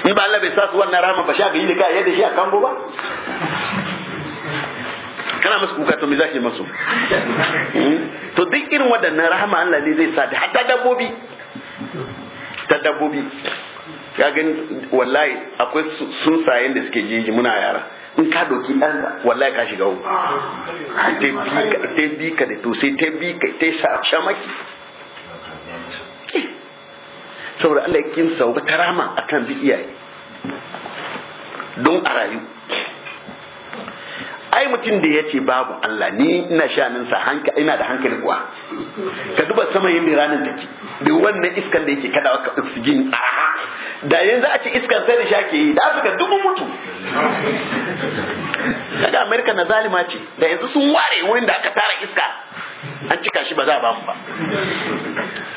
in ba Allah bai sa su wannan rahama ba sha ga yi da yadda shi a kango ba kana musu kuka to me zaki masu hmm? to duk irin wadannan rahama Allah ne zai sa da hatta dabbobi ta dabbobi ya gani wallahi akwai sunsayen da suke jeji muna yara in ka doki dan wallahi ka shiga uku ta bi ka da to sai ta bi ka ta shamaki saboda Allah ya kin sauka karama akan bi iyaye don a rayu ai mutum da ya ce babu Allah ni ina shanin sa hanka ina da hankali kuwa ka duba sama yin ranar take da wannan iskan da yake kada ka oxygen da yanzu a ce iskan sai da shake yi da Afirka dubu mutu kada Amerika na zalima ce da yanzu sun ware wurin da aka tara iska an cika shi ba za a bamu ba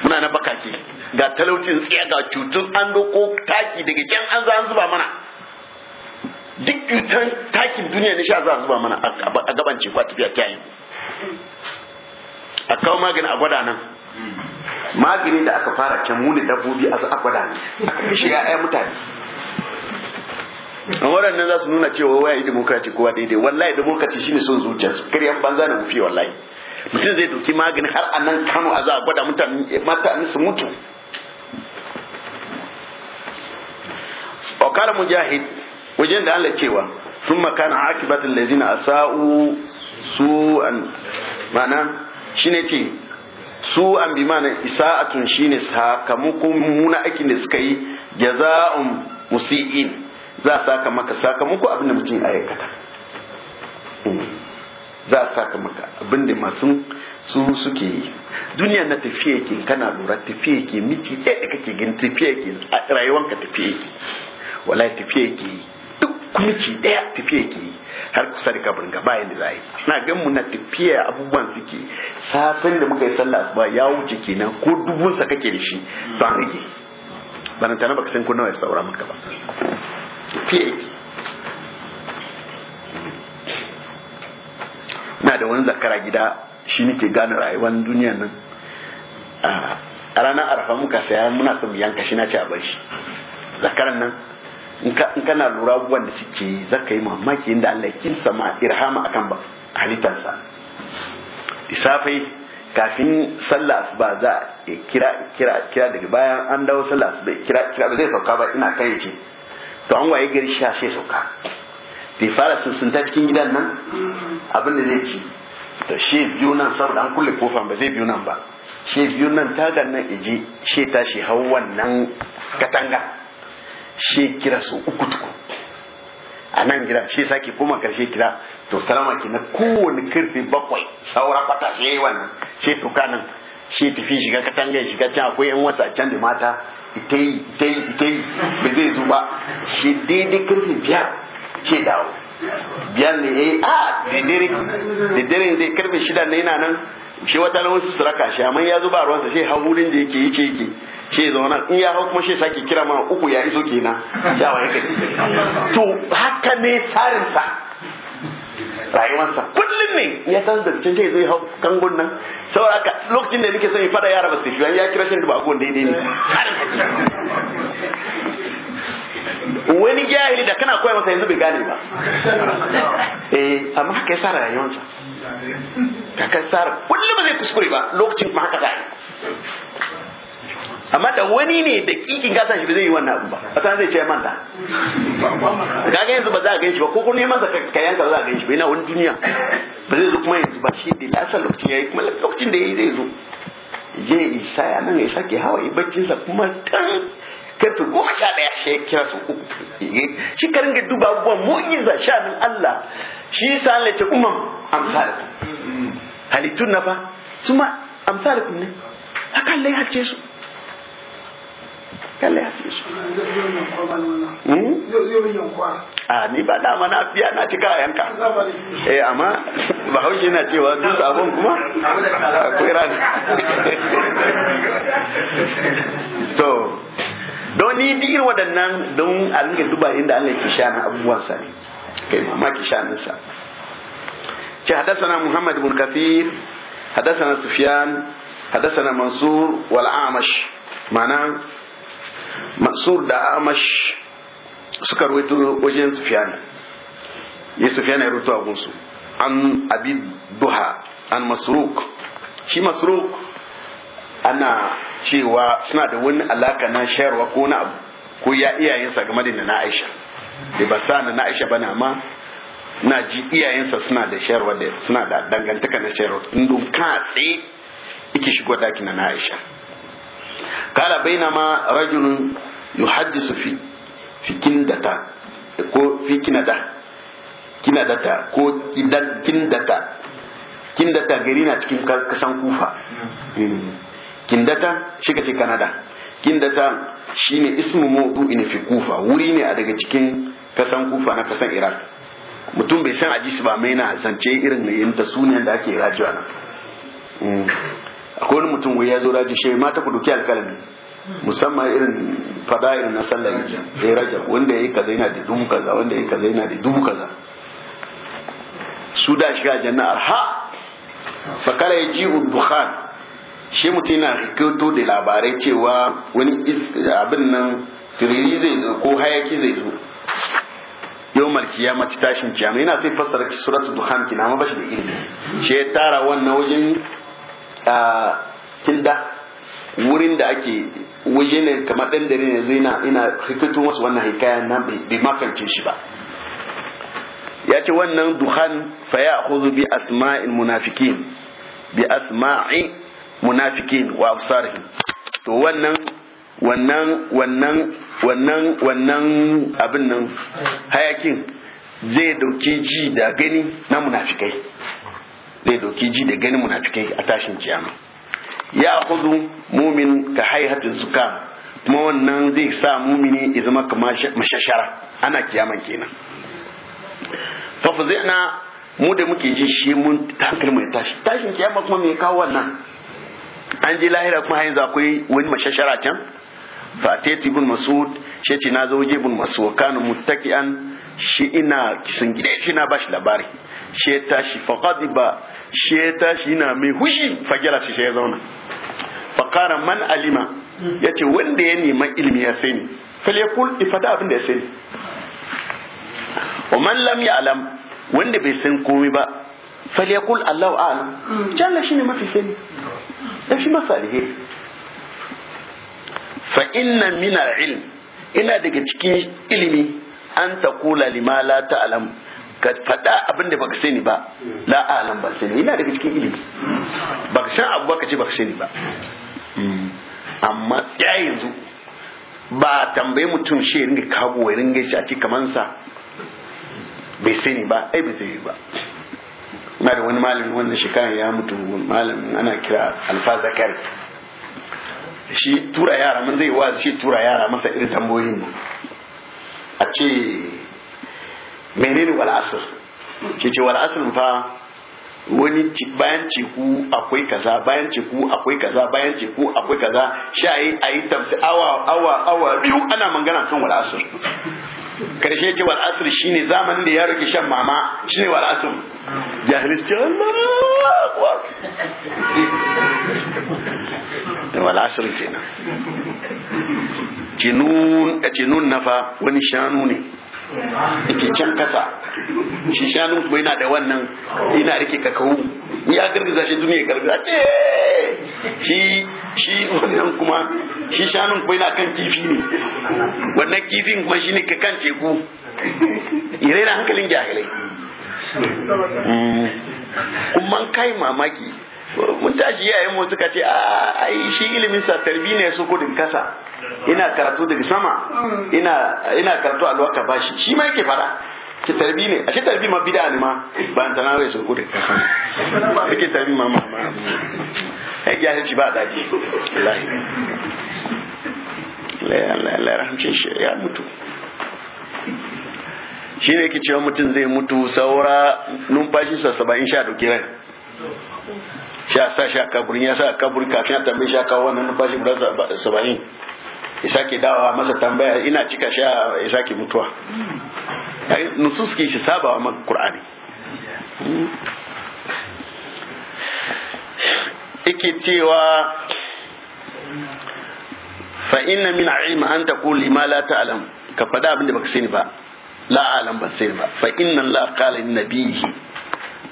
muna na bakaki ga talaucin tsiya ga cutun an doko taki daga can an za an zuba mana duk cutan takin duniya ne sha za a zuba mana a gaban cewa tafiya ta yi a kawo magani a gwada nan magani da aka fara can muni dabbobi a su a gwada nan aka fi shiga ɗaya mutane a waɗannan za su nuna cewa yi demokraci kowa daidai wallahi demokraci shine son zuciya karyan banza na wufi wallahi mutum zai doki magani har a nan kano a za a gwada mutane eh, su mutu ƙwakar mujahid wajen da Allah cewa sun makana da zina a sa'u su an mana shi ne ce su an bi mana isa'atun shi ne sakamakon muna aiki da suka yi jaza'un musi'in za a sakamaka sakamakon abin da mutum aikata hmm. za a saka maka abin da masu su suke yi duniya na tafiya ke kana lura tafiya ke, miti ɗaya da kake gani tafiya yake rayuwanka tafiya ke. Wala tafiya yi duk miti ɗaya tafiya ke. yi har kusa da kabarin gaba yin da zai yi na gan mu na tafiya abubuwan suke safin da muka yi sallah asuba ya wuce kenan ko dubun sa kake da shi ban rage ban tana baka san ko nawa ya saura maka ba tafiya ke. na da wani zakara gida shi nake gane rayuwar duniya nan a ranar arafa muka saya muna son mu yanka shi na ci a bar shi zakaran nan in kana lura abubuwan da suke yi zaka yi mamaki inda Allah ya sama irhama akan ba halittarsa Isafai kafin sallah asuba za a kira kira kira daga bayan an dawo sallah asuba kira kira ba zai sauka ba ina kai ce to an waye gari sha sai sauka Da ya fara sunsunta cikin gidan nan abin da zai ci to shi biyu nan saboda an kulle kofan ba zai biyu nan ba shi biyu nan tagan nan iji shi tashi hau wannan katanga shi kira su uku tuku a nan gida shi sake koma karshe kira to salama ke na kowane karfe bakwai saura kwata shi yi wannan shi tuka nan shi tafi shiga katanga shiga can akwai yan wasa can da mata ita yi ita yi ita yi ba zai zo ba shi daidai karfe biyar ce dawo biyan ne eh a didiri didiri dai karfe shida ne yana nan shi wata nan wasu suraka shi amma ya zo ba ruwansa shi hau ne da yake yake yake shi ya zauna in ya hau kuma shi sake kira mana uku ya iso kenan ya wa yake to haka ne tsarin sa rayuwarsa kullum ne ya san da cince zai hau kangon nan saboda lokacin da nake son ya fada yara ba su tafi ya kira shi da bakon daidai ne wani jahili da kana koya masa yanzu bai gane ba eh amma haka ya sara rayuwarsa ka kan sara kullum zai kuskure ba lokacin ma haka za amma da wani ne da kikin gasan shi ba zai yi wannan abu ba a sanar zai ce manta ga yanzu ba za a ganshi ba ko kun neman sa ka yanka ba za a ganshi ba yana wani duniya ba zai zo kuma yanzu ba shi da lasa lokacin yayi kuma lokacin da yayi zai zo je isa ya nan ya ke hawa baccin sa kuma tan karfe goma sha daya shi ya kira su uku shi ka ringa duba abubuwan mu'iza min Allah shi sa Allah ya ce umman amsalakum mm-hmm. halittun nafa suma amsalakum ne haka Allah ya ce su kala ya su hmm? a ni ba dama na biya na cika a yanka eh amma ba haushi na cewa duk abun kuma akwai don ni duk waɗannan don a rinka duba inda Allah ke shanin abubuwansa ne kai mamaki hadasana Muhammad bin Kafir hadasana Sufyan hadasana Mansur wal Amash ma'ana Masur da amash suka ruwaito wajen Sufyan. Yi Sufyan ya ruwaito abunsu an abi duha an masruk shi masruk ana cewa suna da wani alaka na shayarwa ko na abu ko ya iyayensa game da na aisha da ba sa na aisha bana amma na ji iyayensa suna da shayarwa da suna da dangantaka na shayarwa indon ka tsaye yake shigo daki na aisha kala ma rajulun yuhaddisu fi fi kindata ko fi kinada kinadata ko kindata kindata gari na cikin kasan kufa kindata shi ka ce kanada kindata shine ismu mawdu'i ne fi kufa wuri ne a daga cikin kasan kufa na kasan iraq mutum bai san ajisi ba mai na zance irin yin da sunan da ake rajuwa nan akwai wani mutum ya zo rajin shi mata ku duki alkalami musamman irin fada irin na sallah. ya eh, raja wanda ya yi kaza yana da dubu kaza wanda ya yi kaza yana da dubu kaza su da shiga janna arha fakara ya ji dukhan shi mutum yana rikoto da labarai cewa wani abin nan tiriri zai zo ko hayaki zai zo yau malkiya mace tashin kiyama yana sai fassara suratul duhan kina ba bashi da ilimi shi ya tara wannan wajen kilda wurin da ake waje ne kamar ɗan dare ne zai ina rikitun wasu wannan hikaya nan bai makance shi ba ya ce wannan duhan faya huzu bi asma'in munafikin bi asma'i munafikin wa absarihim to wannan wannan wannan wannan wannan abin nan hayakin zai dauke ji da gani na munafikai zai dauki ji da ganin munafikai a tashin kiyama ya hudu mumin ka haihatu zuka kuma wannan zai sa mumini ya zama kamar mashashara ana kiyaman kenan na mu da muke ji shi mun hankali mai tashi tashin kiyama kuma mai kawo wannan an je lahira kuma yanzu akwai wani mashashara can tati ibn masud shi ce na zo je ibn masud kana muttaqian shi ina kisan gida shi na bashi labari shi ya tashi qadiba shi ya tashi yana mai hushi fagira shi ya zauna fakara man alima ya ce wanda ya nema ilimi ya sani falyakul ifada abin da ya sani wa man lam ya alam wanda bai san komai ba falekul allahu alam shi shine mafi sani ya shi masa alheri fa inna mina ilm ina daga cikin ilimi an taqula lima la ta'lam ka faɗa abin da baka sani ba la alam ba sani yana daga cikin ilimi baka san abu baka ce baka sani ba hmm. amma tsaya yanzu ba tambaye mutum shi ringa kago ya ringa shi a ci kamansa bai sani ba ai bai sani ba na da wani malami wannan shekara ya mutu malamin ana kira alfa zakari shi tura yara mun zai wazi shi tura yara masa irin tambayoyin a ce menene wal asr ke ce wal asr fa wani bayan ceku akwai kaza bayan ceku akwai kaza bayan ceku akwai kaza shi a yi tafsi awa awa awa biyu ana magana kan wal asr karshe ce wal asr shine zamanin da ya rike shan mama shine wal asr jahilis ce Allah da wal asr kenan jinun eh, jinun nafa wani shanu ne da ke can kasa shi shanu kuma yana da wannan yana rike kakawu ya girgiza shi duniya gargaza ce shi shi wannan kuma shi shanu kuma yana kan kifi ne wannan kifin kuma shi ne ka kan teku ire na hankalin jahilai hmm. kuma kai mamaki mun tashi yayin mu suka ce ai shi ilimin sa tarbi ne su kudin kasa ina karatu daga sama ina ina karatu a lokacin bashi shi ma yake fara ki tarbi ne a shi tarbi ma bid'a ne ma ba an tana rai su kudin kasa ba kike tarbi ma ma ma ai ya ci ba daji wallahi Allah Allah rahmce shi ya mutu shi ne ke cewa mutum zai mutu saura numfashinsa saba'in sha doki rai shi sa shi a kaburin ya sa a kaburin kafin a tambaye shi a kawo wannan numfashi guda saba'in ya sake dawa masa tambaya ina cika shi a isa sake mutuwa nusus ke shi saba wa maka qur'ani ike cewa fa inna min ilm an taqul lima la ta'lam ka fada abin da baka sani ba la alam ban sani ba fa inna allaha qala lin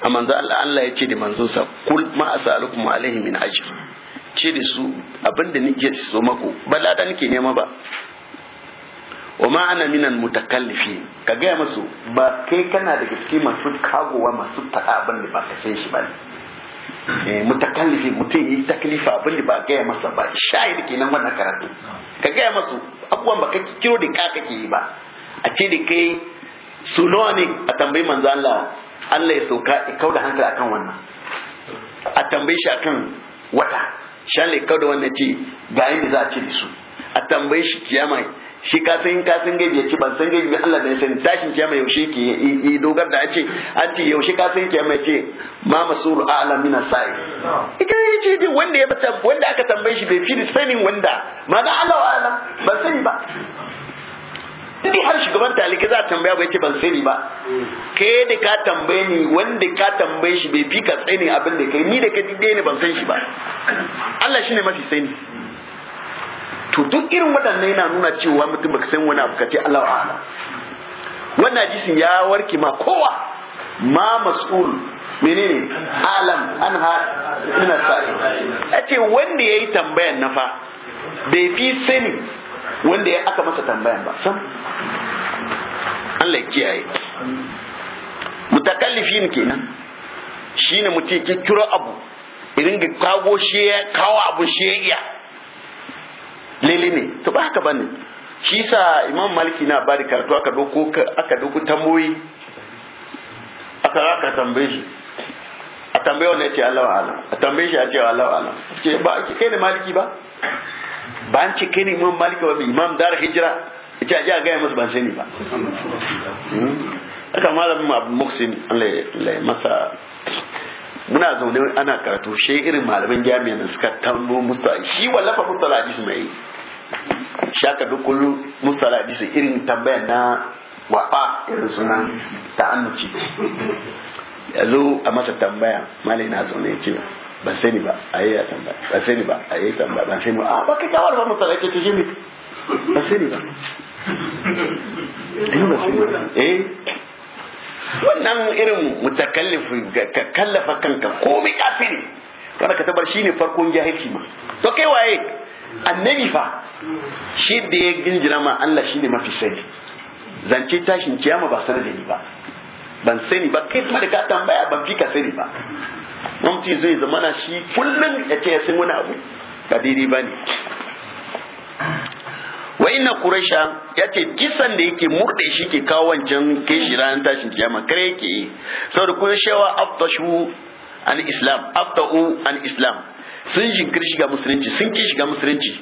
a manzo Allah ya ce da manzo sa kul ma asalukum alaihi min ajr ce da su abinda nake so mako ba lada nake nema ba wa ma ana minan mutakallifi ka gaya musu ba kai kana da gaske masu kagowa masu faɗa abin da ba ka san shi ba ne eh, mutakallifi mutum yi taklifa abin da ba gaya masa ba shahid kenan wannan karatu ka gaya musu abuwan ba kake kiro da ka kake yi ba a ce da kai su a tambayi manzo Allah Allah ya sauka ikau da hankali akan wannan a tambaye shi akan wata shan ikau da wannan ce ga yin za a ce su a tambaye shi kiyama shi ka san ka san gaibi ce, ban san gaibi ba Allah da sani tashin kiyama yaushe ke yi dogar da ce an ce yaushe ka san kiyama ce ma masuru a'lam min sa'i ita ce dai wanda ya wanda aka tambaye shi bai fi sanin wanda ma da Allah wa'ala a'lam ban sani ba indai har shugaban taliki za a tambaya bai ce ban sani ba kai da ka tambaye ni wanda ka tambaye shi bai fi ka tsani abin da kai ni da kaji ɗaya ne ban san shi ba Allah shine mafi sani to duk irin waɗannan yana nuna cewa mutum baka san wani abu ka ce Allah a'lam wannan hadisin ya warke ma kowa ma mas'ul menene alam an ha ina sa'i a ce wanda ya yi tambayar na fa bai fi sani wanda ya aka masa tambayan ba sam Allah ya kiyaye mutakallifin kenan shine mutum ke kiro abu irin ga kago shi ya kawo abu shi ya iya lele ne to ba haka bane shi sa imam maliki na bari karatu aka doko aka doko tamboyi aka aka tambaye shi a tambaye wannan ya ce Allah wa Allah a tambaye shi ya ce Allah wa Allah ke ba kai ne maliki ba ba an ce kai ne imam malika ba imam dar hijira ita ji a gaya musu ban sani ba haka hmm? malamin abu muksin Allah masa muna zaune ana karatu shi irin malamin jami'an da suka tambo musta shi wallafa mustala hadisi mai shi shaka dukkan mustala hadisi irin tambayar na wafa irin suna ta annuci yanzu a masa tambaya malai na zaune ya ce ban ka ba wannan irin mutakallif kanka kafiri shine farkon jahilci ma to kai waye annabi fa shi da ya ginjira ma Allah shine mafi sani zance tashin kiyama ba sanar da ni ba ban sani ba kai kuma da ka tambaya ban fi sani ba mamci zai zama na shi kullum ya ce ya san wani abu ba daidai ba ne wa inna quraisha yace kisan da yake murde shi ke kawo wancan kai shi ran tashin kiyama kare yake saboda kun shewa aftashu an islam aftau an islam sun jinkir shiga musulunci sun ki shiga musulunci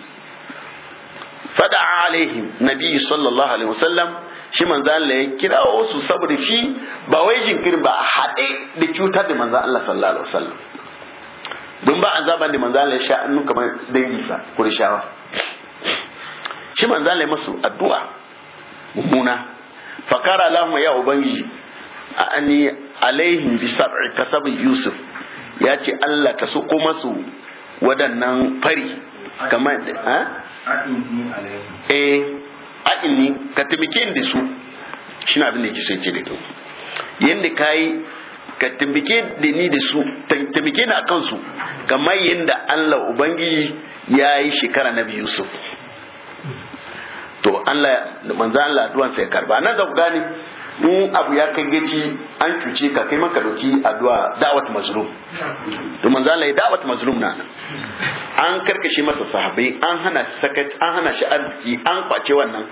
fada alaihim nabi sallallahu alaihi wasallam shi manzo Allah ya kirawo su saboda shi ba wai jinkiri ba a haɗe da cutar da manzo Allah sallallahu alaihi wasallam don ba azaban da manzo Allah ya sha annu kamar danginsa kurshawa shi manzo Allah ya masu addu'a mummuna fakara lahum ya ubangiji ani alaihim bi sab'i kasab yusuf ya ce Allah ka suko masu waɗannan fari kamar eh a'inni ka taimake da su shi na abin da yake so yake da yadda ka yi ka taimake da ni da su taimake ni akan su kamar yanda Allah ubangiji ya yi shekara na biyu su, to Allah manzan Allah duwansa sai karba nan da ku gane in abu ya kai gaci an cuce ka kai maka doki addu'a da'wat mazlum to manzo Allah ya da'wat mazlum na an karkashe masa sahabbai an hana sakat an hana shi arziki an kwace wannan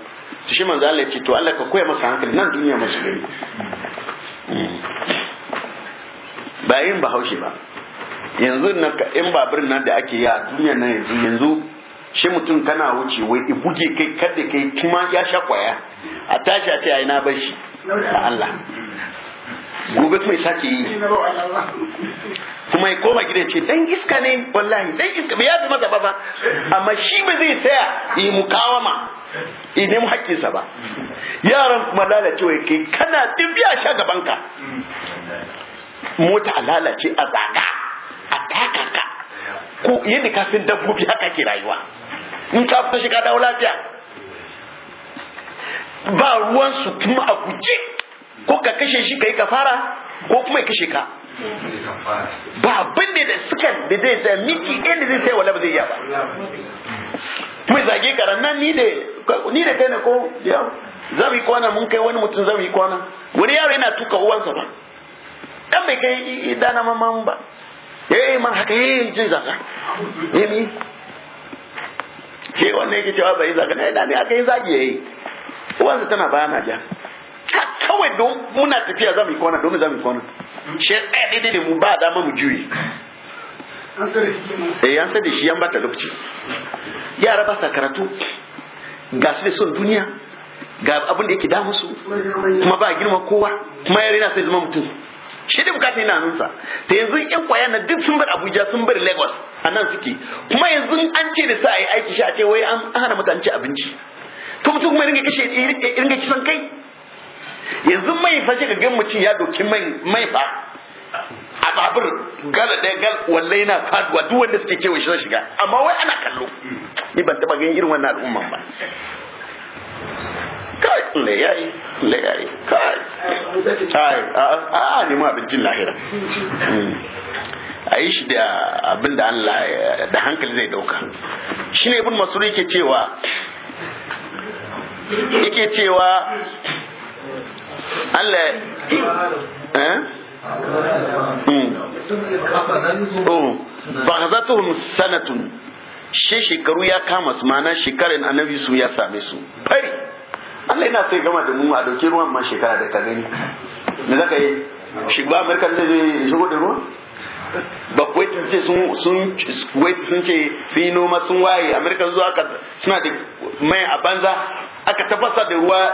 to shi manzo Allah ya ce to Allah ka koya masa hankali nan duniya masu gari hmm. ba yin bahaushe ba yanzu na in babur nan da ake yi a duniya nan yanzu yanzu shi mutum kana wuce wai Ibuge buge kai kada kai kuma ya sha kwaya a tashi a ce ai na bar shi da Allah gobe kuma sake yi kuma ya koma gida ce dan iska ne wallahi dan iska bai ya zama ba ba amma shi ba zai tsaya yi mukawama yi nemi hakkinsa ba yaran kuma lalacewa kai kana dubiya sha ka. mota a lalace a zaka a takaka ko yadda ka san dabbobi haka ke rayuwa in ka fita shiga dawo lafiya ba ruwansu kuma a guji ko ka kashe shi ka yi kafara ko kuma ya kashe ka ba abin da da suka da zai da miki inda zai sai wala ba zai iya ba kuma zage ka nan ni da ni da kai ne ko ya za mu yi kwana mun kai wani mutum za mu yi kwana wani yaro yana tuka uwansa ba dan bai kai dana mamman ba eh man haka eh zai zaka eh ni ke wannan yake cewa bai zaka na ne aka yi zagi yayi eh. uwansa tana bayana ja kawai don muna tafiya za mu yi kwana domin za mu yi kwana shi ɗaya eh, daidai ne mu ba dama mu juye eh an sai da shi yan bata lokaci yara ba sa karatu ga su da son duniya ga abin da yake da musu kuma ba girma kowa kuma yare na sai zama mutum shi da bukata yana nunsa ta yanzu yan kwaya na duk sun bar abuja sun bar lagos a nan suke kuma yanzu an ce da sa a yi aiki shi a ce wai an hana mutane abinci to mutum ringa kashe ringa kisan kai yanzu mai fashe ga gan mutum ya doki mai mai fa a babur gala ɗaya gal wallai na faduwa duk wanda suke kewa shi shiga amma wai ana kallo ni ban taɓa ganin irin wannan al'umman ba kai le yayi le yayi kai kai a a ma mu jin lahira hmm. a shi da abinda Allah da hankali zai dauka shine ibn masuri yake cewa yake cewa Allah eh hmm. hmm. Bahzatuhum sanatun she shekaru ya kama su mana shekarun annabi su ya same su fari Allah yana sai gama da mu a dauke ruwan ma shekara da ka gani me zaka yi shi ba Amerika zai shigo da ruwa? ba kuwait sun sun sun ce sun yi noma sun waye amerika zuwa aka suna da mai a banza aka tafasa da ruwa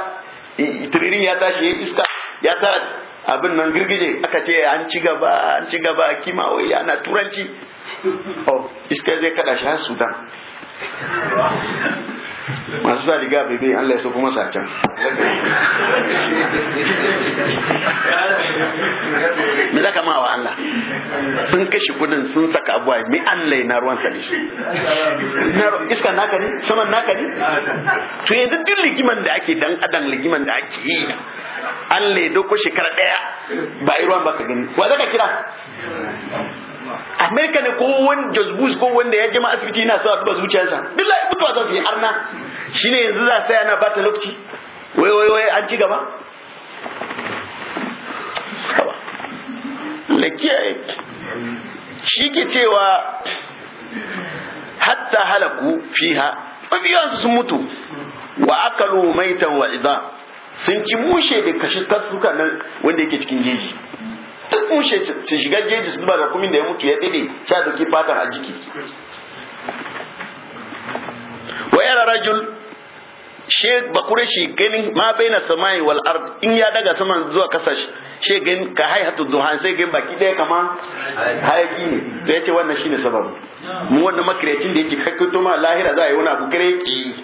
tiririn ya tashi iska ya tara abin nan girgije aka ce an ci gaba an ci gaba kima wai yana turanci oh, iska zai kada shi har sudan masu sa riga bebe Allah ya so kuma sa can me zaka ma wa Allah sun kashe kudin sun saka abuwa me Allah na ruwan sa ne iska naka ne saman naka ne to yanzu duk ligiman da ake dan adam ligiman da ake yi Allah ya doko shekara daya ba ruwan ba ka gani wa zaka kira amerika ne ko wani jos ko wanda ya jima asibiti yana sa duba zuciyarsa billahi mutuwa za su yi arna shine yanzu za sai ana bata lokaci wai wai wai an ci gaba lakiyaye shi ke cewa hatta halaku fiha mafiyansu sun mutu wa akalu maitan wa idan sun ci mushe da kashi tasuka nan wanda yake cikin jeji duk mushe shiga jeji su ba da kumin da ya mutu ya dade sha doki fata a jiki wa yara rajul she bakure shi ganin ma baina samai wal ard in ya daga saman zuwa kasa she ganin ka hatu duha sai ganin baki daya kama hayaki ne to yace wannan shine sababu mu wannan makirecin da yake to ma lahira za a yi wani abu kireki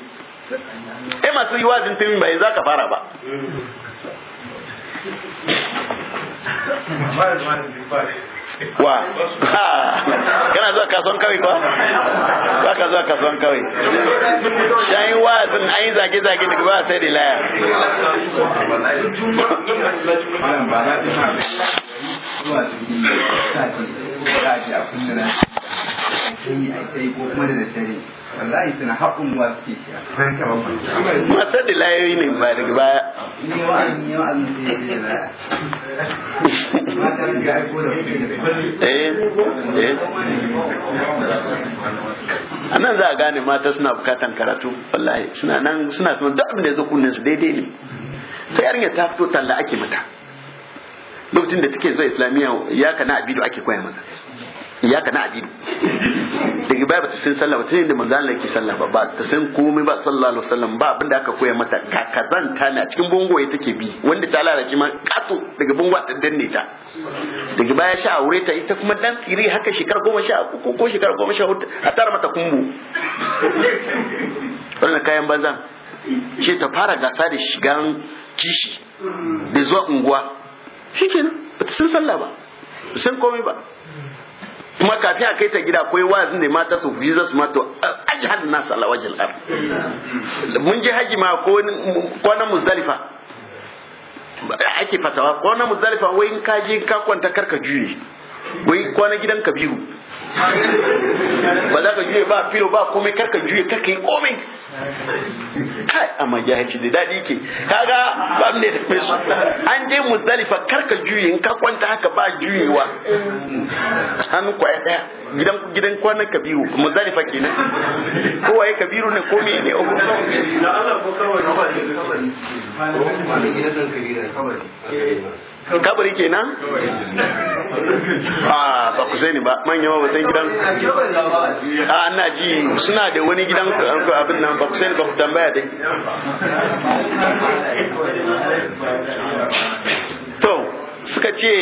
eh masu yi wazin tilin ba yanzu ka fara ba wa kana zuwa kasuwan kawai kuwa ba ka zuwa kasuwan kawai shayin wa'azin an yi zage-zage daga ba sai da laya zuwa wallahi suna haƙun wa suke shi masa da layoyi ne ba daga baya ne wa an yi wa an yi da laya a nan za a gane mata suna bukatan karatu wallahi suna nan suna suna duk abin da ya zo kunninsu daidai ne sai yarinya ta fito talla ake mata lokacin da take zuwa islamiyya ya kana abido ake koya mata. iyaka na addini daga baya bata san sallah ba sai da manzan laiki sallah ba ba ta san komai ba sallah wa sallam. ba abinda aka koya mata kakazanta na cikin ya take bi wanda ta lalace ma kato daga bungo ta ne ta daga baya sha aure ta ita kuma dan tsiri haka shekara goma sha uku ko shekara goma sha hudu a tara mata kumbu wannan kayan banzan shi ta fara gasa da shigan kishi da zuwa unguwa kenan ba ta san sallah ba san komai ba kuma kafin a kai ta gida akwai wazin da mata su fi zasu mato ajhan nas ala wajen ard mun je haji ma ko kwanan muzdalifa ake fatawa kwanan muzdalifa wai in ka je ka kwanta karka juye wai kwanan gidan kabiru ba za ka juye ba filo ba komai karka juye karka yi komai kai a ya ci da dadi ke kaga ba ne da fesu an je muzdalifa karka juyi in ka kwanta haka ba juyewa hannu kwaya daya gidan gidan kwanan kabiru muzdalifa kenan ko waye kabiru ne ko ne o ko Allah ko kawai kawai kabari kenan a ah, ba ku sani ba manyan ba san gidan a ah, ana ji suna da wani gidan eh, abin nan ba ku sani ba ku tambaya dai to suka ce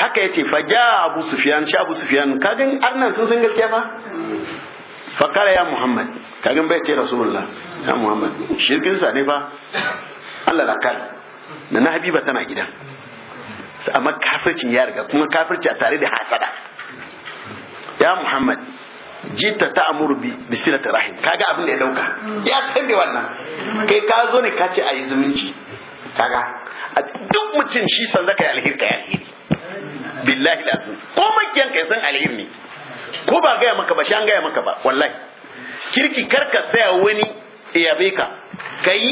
haka yace faja abu sufyan sha abu sufyan kagan annan sun san gaskiya ba fakara ya muhammad kagan bai ce rasulullah ya muhammad shirkin sa ne fa alal akal na na habiba tana gida amma kafircin ya riga kuma kafirci a tare da hasada ya muhammad jita ta amuru bi ta rahim kaga abin da ya dauka ya san da wannan kai ka zo ne ka ce a yi zumunci kaga a duk mutum shi san zaka yi alheri kai alheri billahi lazim ko makiyan kai san alheri ne ko ba gaya maka ba shi an gaya maka ba wallahi kirki karka saya wani ya ka ka yi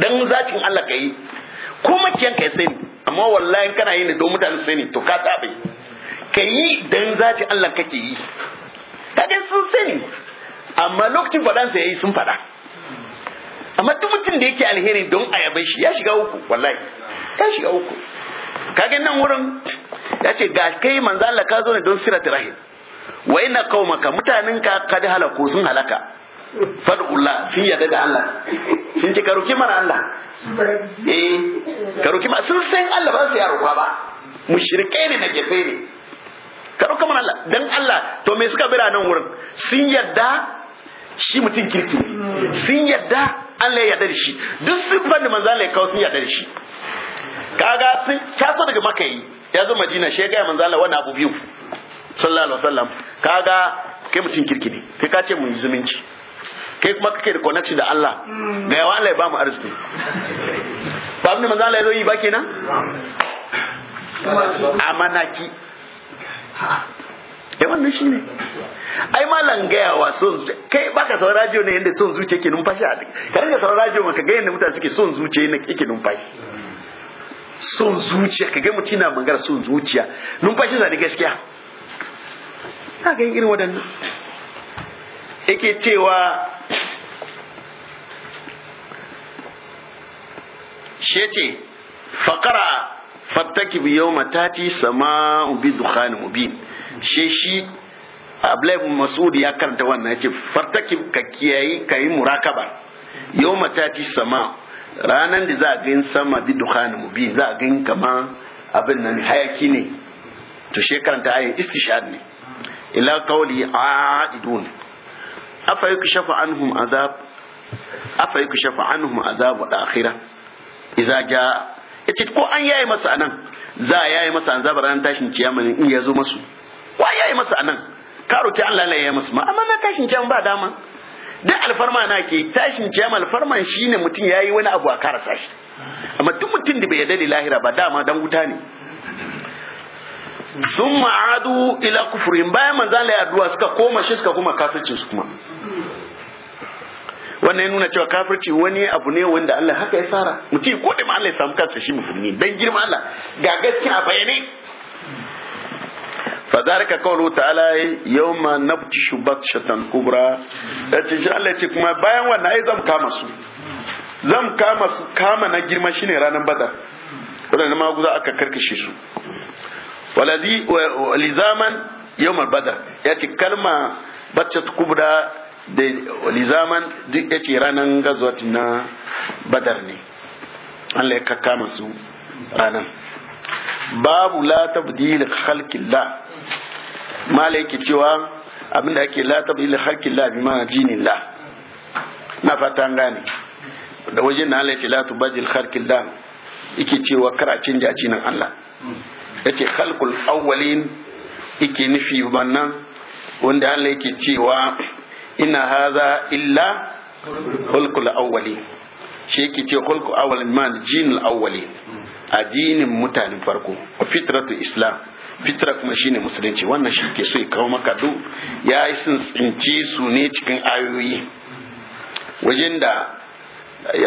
dan zacin Allah ka yi ko makiyan ka sani amma wallahi kana yin don mutane sani to ka tabe ka yi dan zacin Allah kake yi kaga sun sani amma lokacin fadan sai yayi sun fada amma duk mutum da yake alheri don ayabe shi ya shiga uku wallahi ta shiga uku kaga nan wurin ya ce ga kai manzo Allah ka zo ne don sirat rahim wa inna qaumaka mutanen ka kad halaku sun halaka fadullah sun yarda da Allah sun ce ka roki mana Allah eh ka roki ma sun san Allah ba su ya roka ba mushrikai ne na gefe ne ka roka mana Allah dan Allah to me suka bira nan wurin sun yadda shi mutum kirki sun yadda Allah ya yadda da shi duk siffar da manzo Allah ya kawo sun yadda da shi kaga sun taso daga makayi ya zo Madina shi ga manzo Allah abu biyu sallallahu alaihi wasallam kaga kai mutum kirki ne kai ka ce mun zumunci kai kuma kake da connection da Allah ga yawa Allah ya ba mu arziki ba abin da manzo Allah ya zo yi ba kenan amanaki ya eh, wannan shine ne ai malam gayawa son kai baka sauraron radio ne yadda son zuciya ke numfashi a duk ka rinka sauraron radio maka ga yadda mutane suke son zuciya ne yake numfashi son zuciya ka ga mutum na magana son zuciya numfashi za da gaskiya ka ga irin wadannan yake cewa shece ce faƙara bi yawma tati sama'u bi dukhan mubin she shi Abdullahi Mas'ud ya karanta wannan yace fattaki ka kiyayi kai murakaba yawma tati sama ranan da za a gani sama bi dukhan mubin za a gani kaman abin nan hayaki ne to she karanta ayin istishad ne ila qawli a'idun afa yukshafu anhum azab afa yukshafu anhum azab al-akhirah iza ja yace ko an yaye masa anan za a yaye masa an zabara ran tashin kiyama in ya zo masu an yaye masa anan ka ta Allah la ya masu ma amma na tashin kiyama ba dama duk alfarma na ke tashin kiyama alfarman shine mutum yayi wani abu a karasa shi amma duk mutum da bai yarda da lahira ba dama dan wuta ne sun ma'adu ila kufrin bayan Allah ya addu'a suka koma shi suka kuma kafircin su kuma wannan ya nuna cewa kafirci wani abu ne wanda Allah haka ya tsara mutum ko da ma Allah ya samu kansa shi musulmi dan girma Allah ga gaskiya bayane فذلك قوله تعالى يوم نبتش بطشة كبرى shi Allah ce kuma bayan wannan ai zan kama su zan kama su kama na girma shine ranar badar wannan maguza aka karkashe su walazi lizaman yawmal badar yace kalma bacce kubra da lizaman duk ya ce ranar gazuwat na badar ne Allah ya kakkama su ranar babu la tabdil khalqillah mala ke cewa abinda ake la tabdil khalqillah bi ma jinillah na fata an gane da wajen na Allah ya ce la tabdil khalqillah yake cewa kar a canja a cinin Allah yace khalqul awwalin yake nufi wannan wanda Allah yake cewa ina haza illa hulkul awwali shi yake ce hulkul awwali man jinul awwali addinin mutanen farko fitratul islam fitra kuma shine musulunci wannan shi ke so ya kawo maka duk ya yi sun tsinci su ne cikin ayoyi wajen da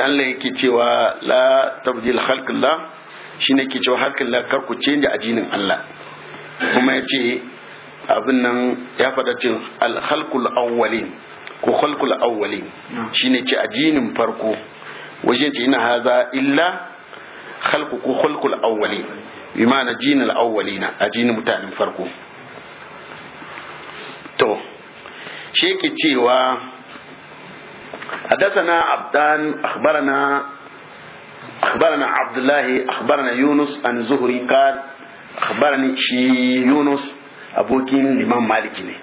Allah yake cewa la tabdil khalqillah shine yake cewa khalqillah kar ku canja addinin Allah kuma yace abin nan ya faɗa cin alhalkul awwalin ko halkul awwalin shine ci ajinin farko wajen ce ina haza illa halku ko halkul awwalin bi ma'ana jinin awwalina a mutanen farko to shi ke cewa حدثنا عبدان أخبرنا أخبرنا عبد الله أخبرنا يونس عن زهري قال أخبرني شي يونس abokin imam maliki ne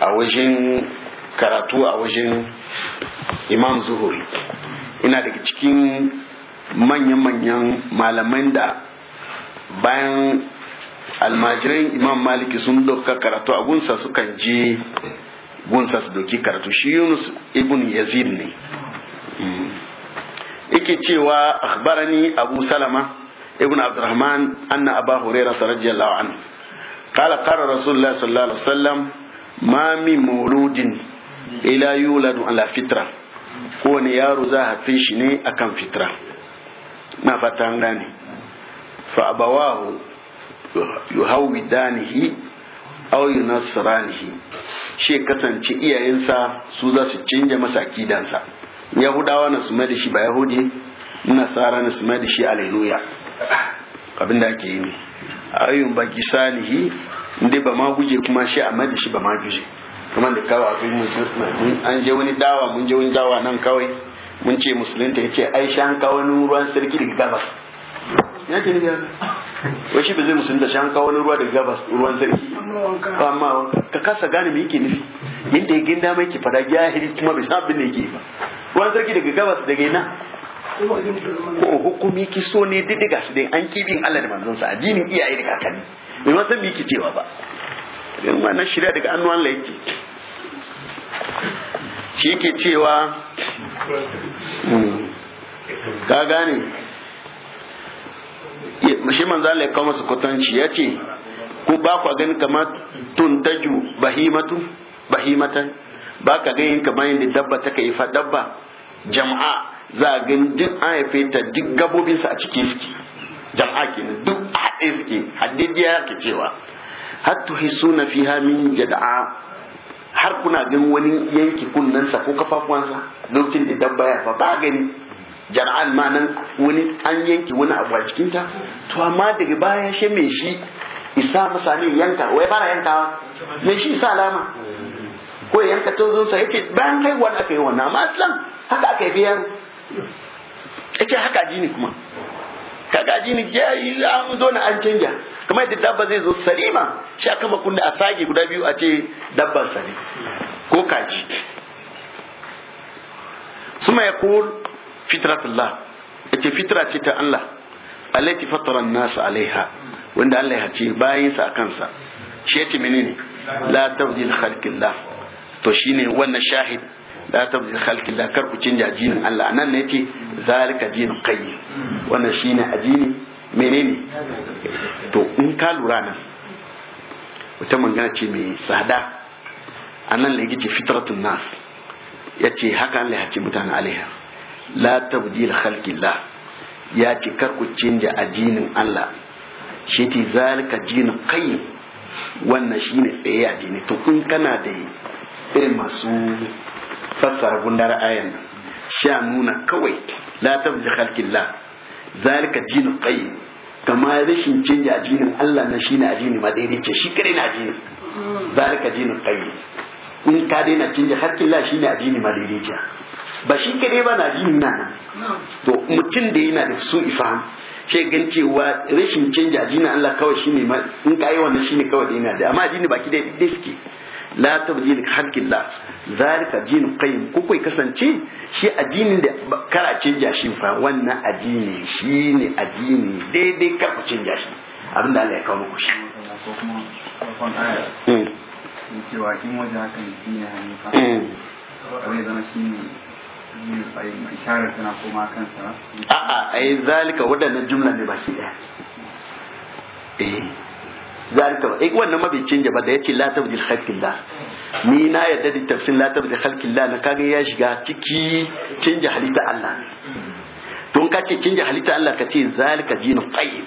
a wajen karatu a wajen imam zuhuri ina daga cikin manyan-manyan malaman da bayan almajiran imam maliki sun doka karatu a gunsa sukan je gunsa su doki karatu shi yunus ibn yazid ne ike mm. cewa akhbarani abu salama ibn abdurrahman anna aba hurairah radiyallahu anhu قال قال رسول الله صلى الله عليه وسلم ما من مولود إلا kowane yaro za a haife shi ne akan fitra na fata an gane fa abawahu yuhawidanihi aw yunasranihi shi kasance iyayensa su zasu canza canja masa akidansa yahudawa na su da shi ba yahudi nasara na su da shi aleluya abin da ake yi ne ayyun baki salihi inda ba ma guje kuma shi a madi shi ba ma guje kuma da kawo akwai an je wani dawa mun je wani dawa nan kawai mun ce musulunta ya ce ai shan kawo wani ruwan sarki daga gabas ya ke nufi haka wasu ba zai musulunta shan kawo wani ruwa daga gabas ruwan sarki amma ka kasa gane mai yake nufi yadda ya ginda mai ke fada jahili kuma bai san abin da yake ba ruwan sarki daga gabas daga yana ko hukumi ki so ne daidai ga su dai an kibin Allah da manzon sa addinin iyaye da kakanni bai ma san me yake cewa ba dan wannan shirya daga annuwan Allah yake shi yake cewa ka gane shi manzo Allah ya kawo masa kwatanci ya ce ko ba ku gani kamar tuntaju bahimatu bahimatan ba ka gani kamar yadda dabba ta kai fa dabba jama'a za a gani duk an haife ta duk gabobinsa a ciki suke jama'a kenan duk a haɗe suke haddidiya ke cewa har tuhisuna fiha min jada'a har kuna gan wani yanki kunnensa ko kafafuwansa lokacin da dabba ya fa ba gani jar'an ma nan wani an yanki wani abu a cikinta to amma daga baya shi me shi isa ne yanka wai yanka wa? me shi isa alama ko yanka tozonsa ce bayan wani aka yi wannan amma san haka aka yi biyan ce haka ji ne kuma kaga ji ne ya yi an zo na an canja kamar yadda dabba zai zo salima shi aka da a sage guda biyu a ce dabban sani ko kaji suma ya kul fitratullah yace fitra ce ta Allah alaiti fatara nasu alaiha wanda Allah ya ce bayan a kansa shi yace menene la halkin khalqillah to shine wannan shahid la tabdil khalqi la kar ku canja ajinin Allah nan ne ce zalika jinin qayyim wannan shine ajini menene to in ka lura nan wata magana ce mai tsada anan ne yake fitratun nas yace haka Allah ya ce mutane alaiha la tabdil khalqi la ya ce kar ku Allah jinin wannan shine tsaye ajini to in kana da irin masu fassara gundar ayan nan sha nuna kawai la tabzi khalqillah zalika dinu qayyim kama rashin canji ajinin Allah na shine jini ma daidai ce shi kare na jini zalika dinu qayyim in ka daina canji harkillah shine jini ma daidai ce ba shi kare ba na jini na to mutum da yana da su ifam ce gan cewa rashin canji ajinin Allah kawai shine in ka yi wannan shine kawai da yana da amma ajini baki daidai suke la tabjil halkillah zalika jin qayyim ko kai kasance shi ajinin da kara canja shi fa wannan ajini shine ajini daidai kar ku canja shi abinda Allah ya kawo muku shi hmm. cewa in waje hakan dina ne fa zai hmm. zama shine a'a ai zalika wadannan jumla ne baki daya eh zalika ba eh, wannan ma bai canja ba da yace la tabdil khalqillah ni na yadda da tafsir la tabdil khalqillah na kaga ya shiga ciki canja halitta Allah tun ka ce canja halitta Allah ka ce zalika jinu tayyib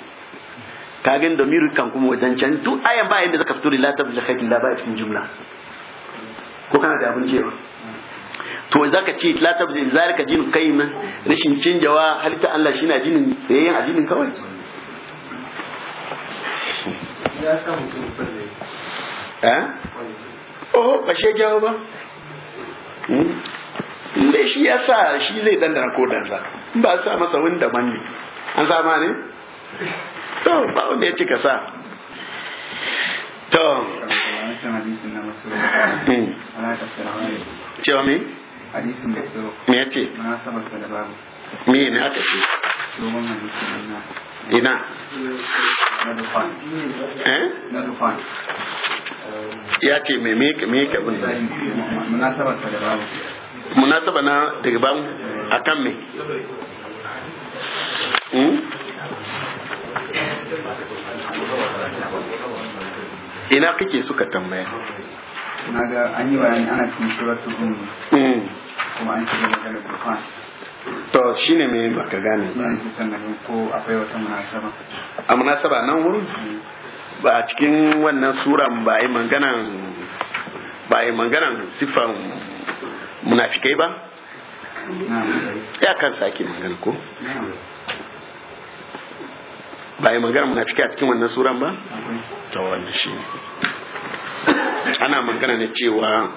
kagan da miru kan kuma wajen can duk ayan ba yanda zaka fito da la tabdil khalqillah ba a cikin jumla ko kana da abin cewa to zaka ce la tabdil zalika jinu qayyim rashin canjawa halitta Allah shine jinin tsayayyen ajinin kawai ya oh ba shi yasa ba hmm? shi ya sa shi zai dandana kodansa in ba sa masa wani daban ne an sa ne to ba wanda ya cika sa to hmm. cewa me me ya ce me ne ce domin hadisin nan ina eh? ya ce me me me ka bin munasaba na daga a kan me hmm? ina kake suka tambaya na ga an yi bayani ana cikin suratul hmm. kuma an ci gaba da to shi ne mai baka gane ba a munasaba nan wurin mm. ba a cikin wannan sura ba yi manganan ba yi manganan munafikai ba ya kan sake magana ko ba yi magana munafikai a cikin wannan suran ba ta wannan shi ana magana na cewa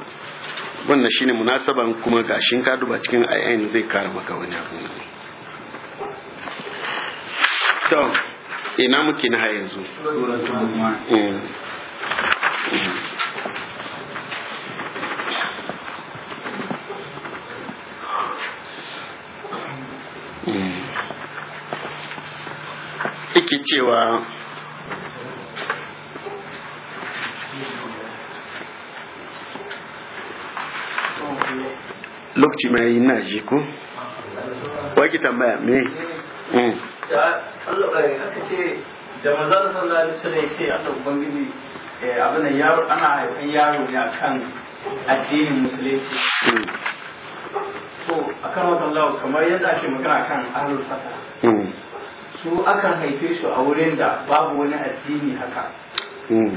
wannan shine munasaban kuma gashin ka duba cikin ayan zai kara maka wani ne. to ina muke na yanzu Ike cewa lokaci mai yi na ji ko waki tambaya me eh. aka ce da manzan sallallahu alaihi wasallam ya ce Allah ubangiji eh, abin nan yaro ana haifan yaro ne akan addinin musulunci hmm. to akan wannan kamar yadda ake magana kan ahlul fata hmm. su akan haife su a wurin da babu wani addini haka hmm.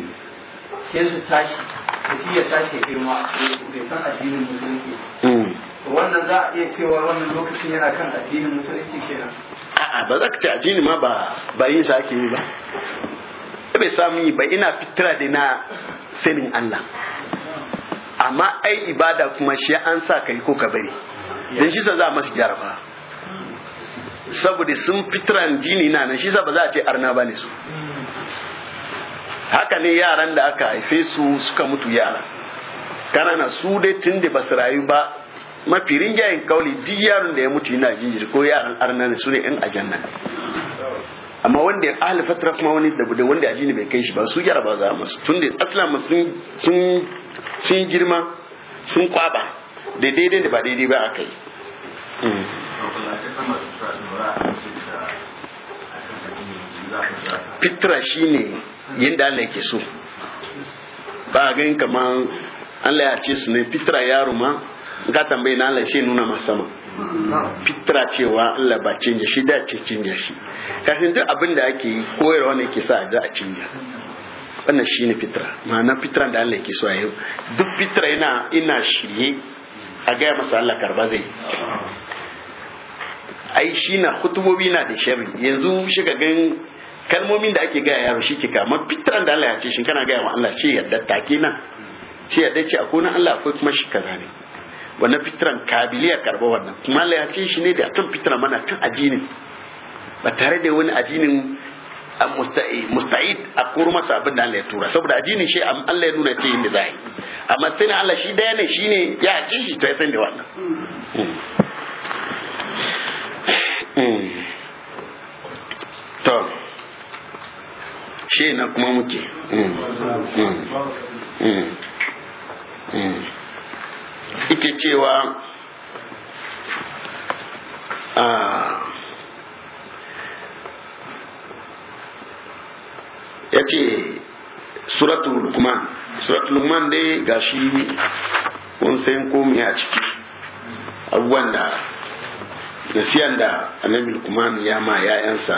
sai su tashi da shi ya tashi girma bai san addinin musulunci wannan za a iya cewa wannan lokacin yana kan addinin musulunci kenan a'a ba za ka ce addini ma ba ba yin sa ake yi ba bai samu yi ba ina fitira da na sanin Allah amma ai ibada kuma shi an sa kai ko ka bari dan shi sa za a masu jarabawa saboda sun fitiran jini na nan shi sa ba za a ce arna ba ne su haka ne yaran da aka haife su suka mutu yara na su dai tun da su rayu ba mafi rinjayen kauli duk yaron da ya mutu yana jinjiri ko yaran arna ne su ne yan ajanna amma wanda ya ahli fatra kuma wani da bude wanda ajini bai kai shi ba su gyara ba za masu tun da sun girma sun kwaba da daidai da ba daidai ba akai fitra ne yadda Allah yake so ba ganin kamar Allah ya ce su ne fitra yaro ma ga tambayi na Allah shi nuna masa sama fitra cewa Allah ba canja shi da ce canja shi kafin duk abin da ake yi koyarwa ne ke sa a a canja wannan shi ne fitra ma'ana fitra da Allah ke so a yau duk fitra ina ina shirye a gaya masa Allah karba zai ai shi na hutumobi na da shari yanzu shi ga gan kalmomin da ake gaya yaro shi ke kama fitran da Allah ya ce shi kana gaya wa Allah shi yadda take nan shi yadda ce akwai na Allah akwai kuma shi kaza ne wannan fitran kabiliya karba wannan kuma la ya ce shi ne da kan fitran mana kan ajini ba tare da wani ajinin eh, musta'id a kuru masa abin da Allah ya tura saboda ajinin shi Allah ya nuna ce yin da za amma sai na Allah shi daya ne shi ne ya ce shi to ya san da wannan hmm. Hmm. to shi na kuma muke Mm. ita cewa ya ce suratul lukman suratul lukman dai ga shi kun san komi a ciki abubuwan da nasiyan da annabi lukman ya ma 'ya'yansa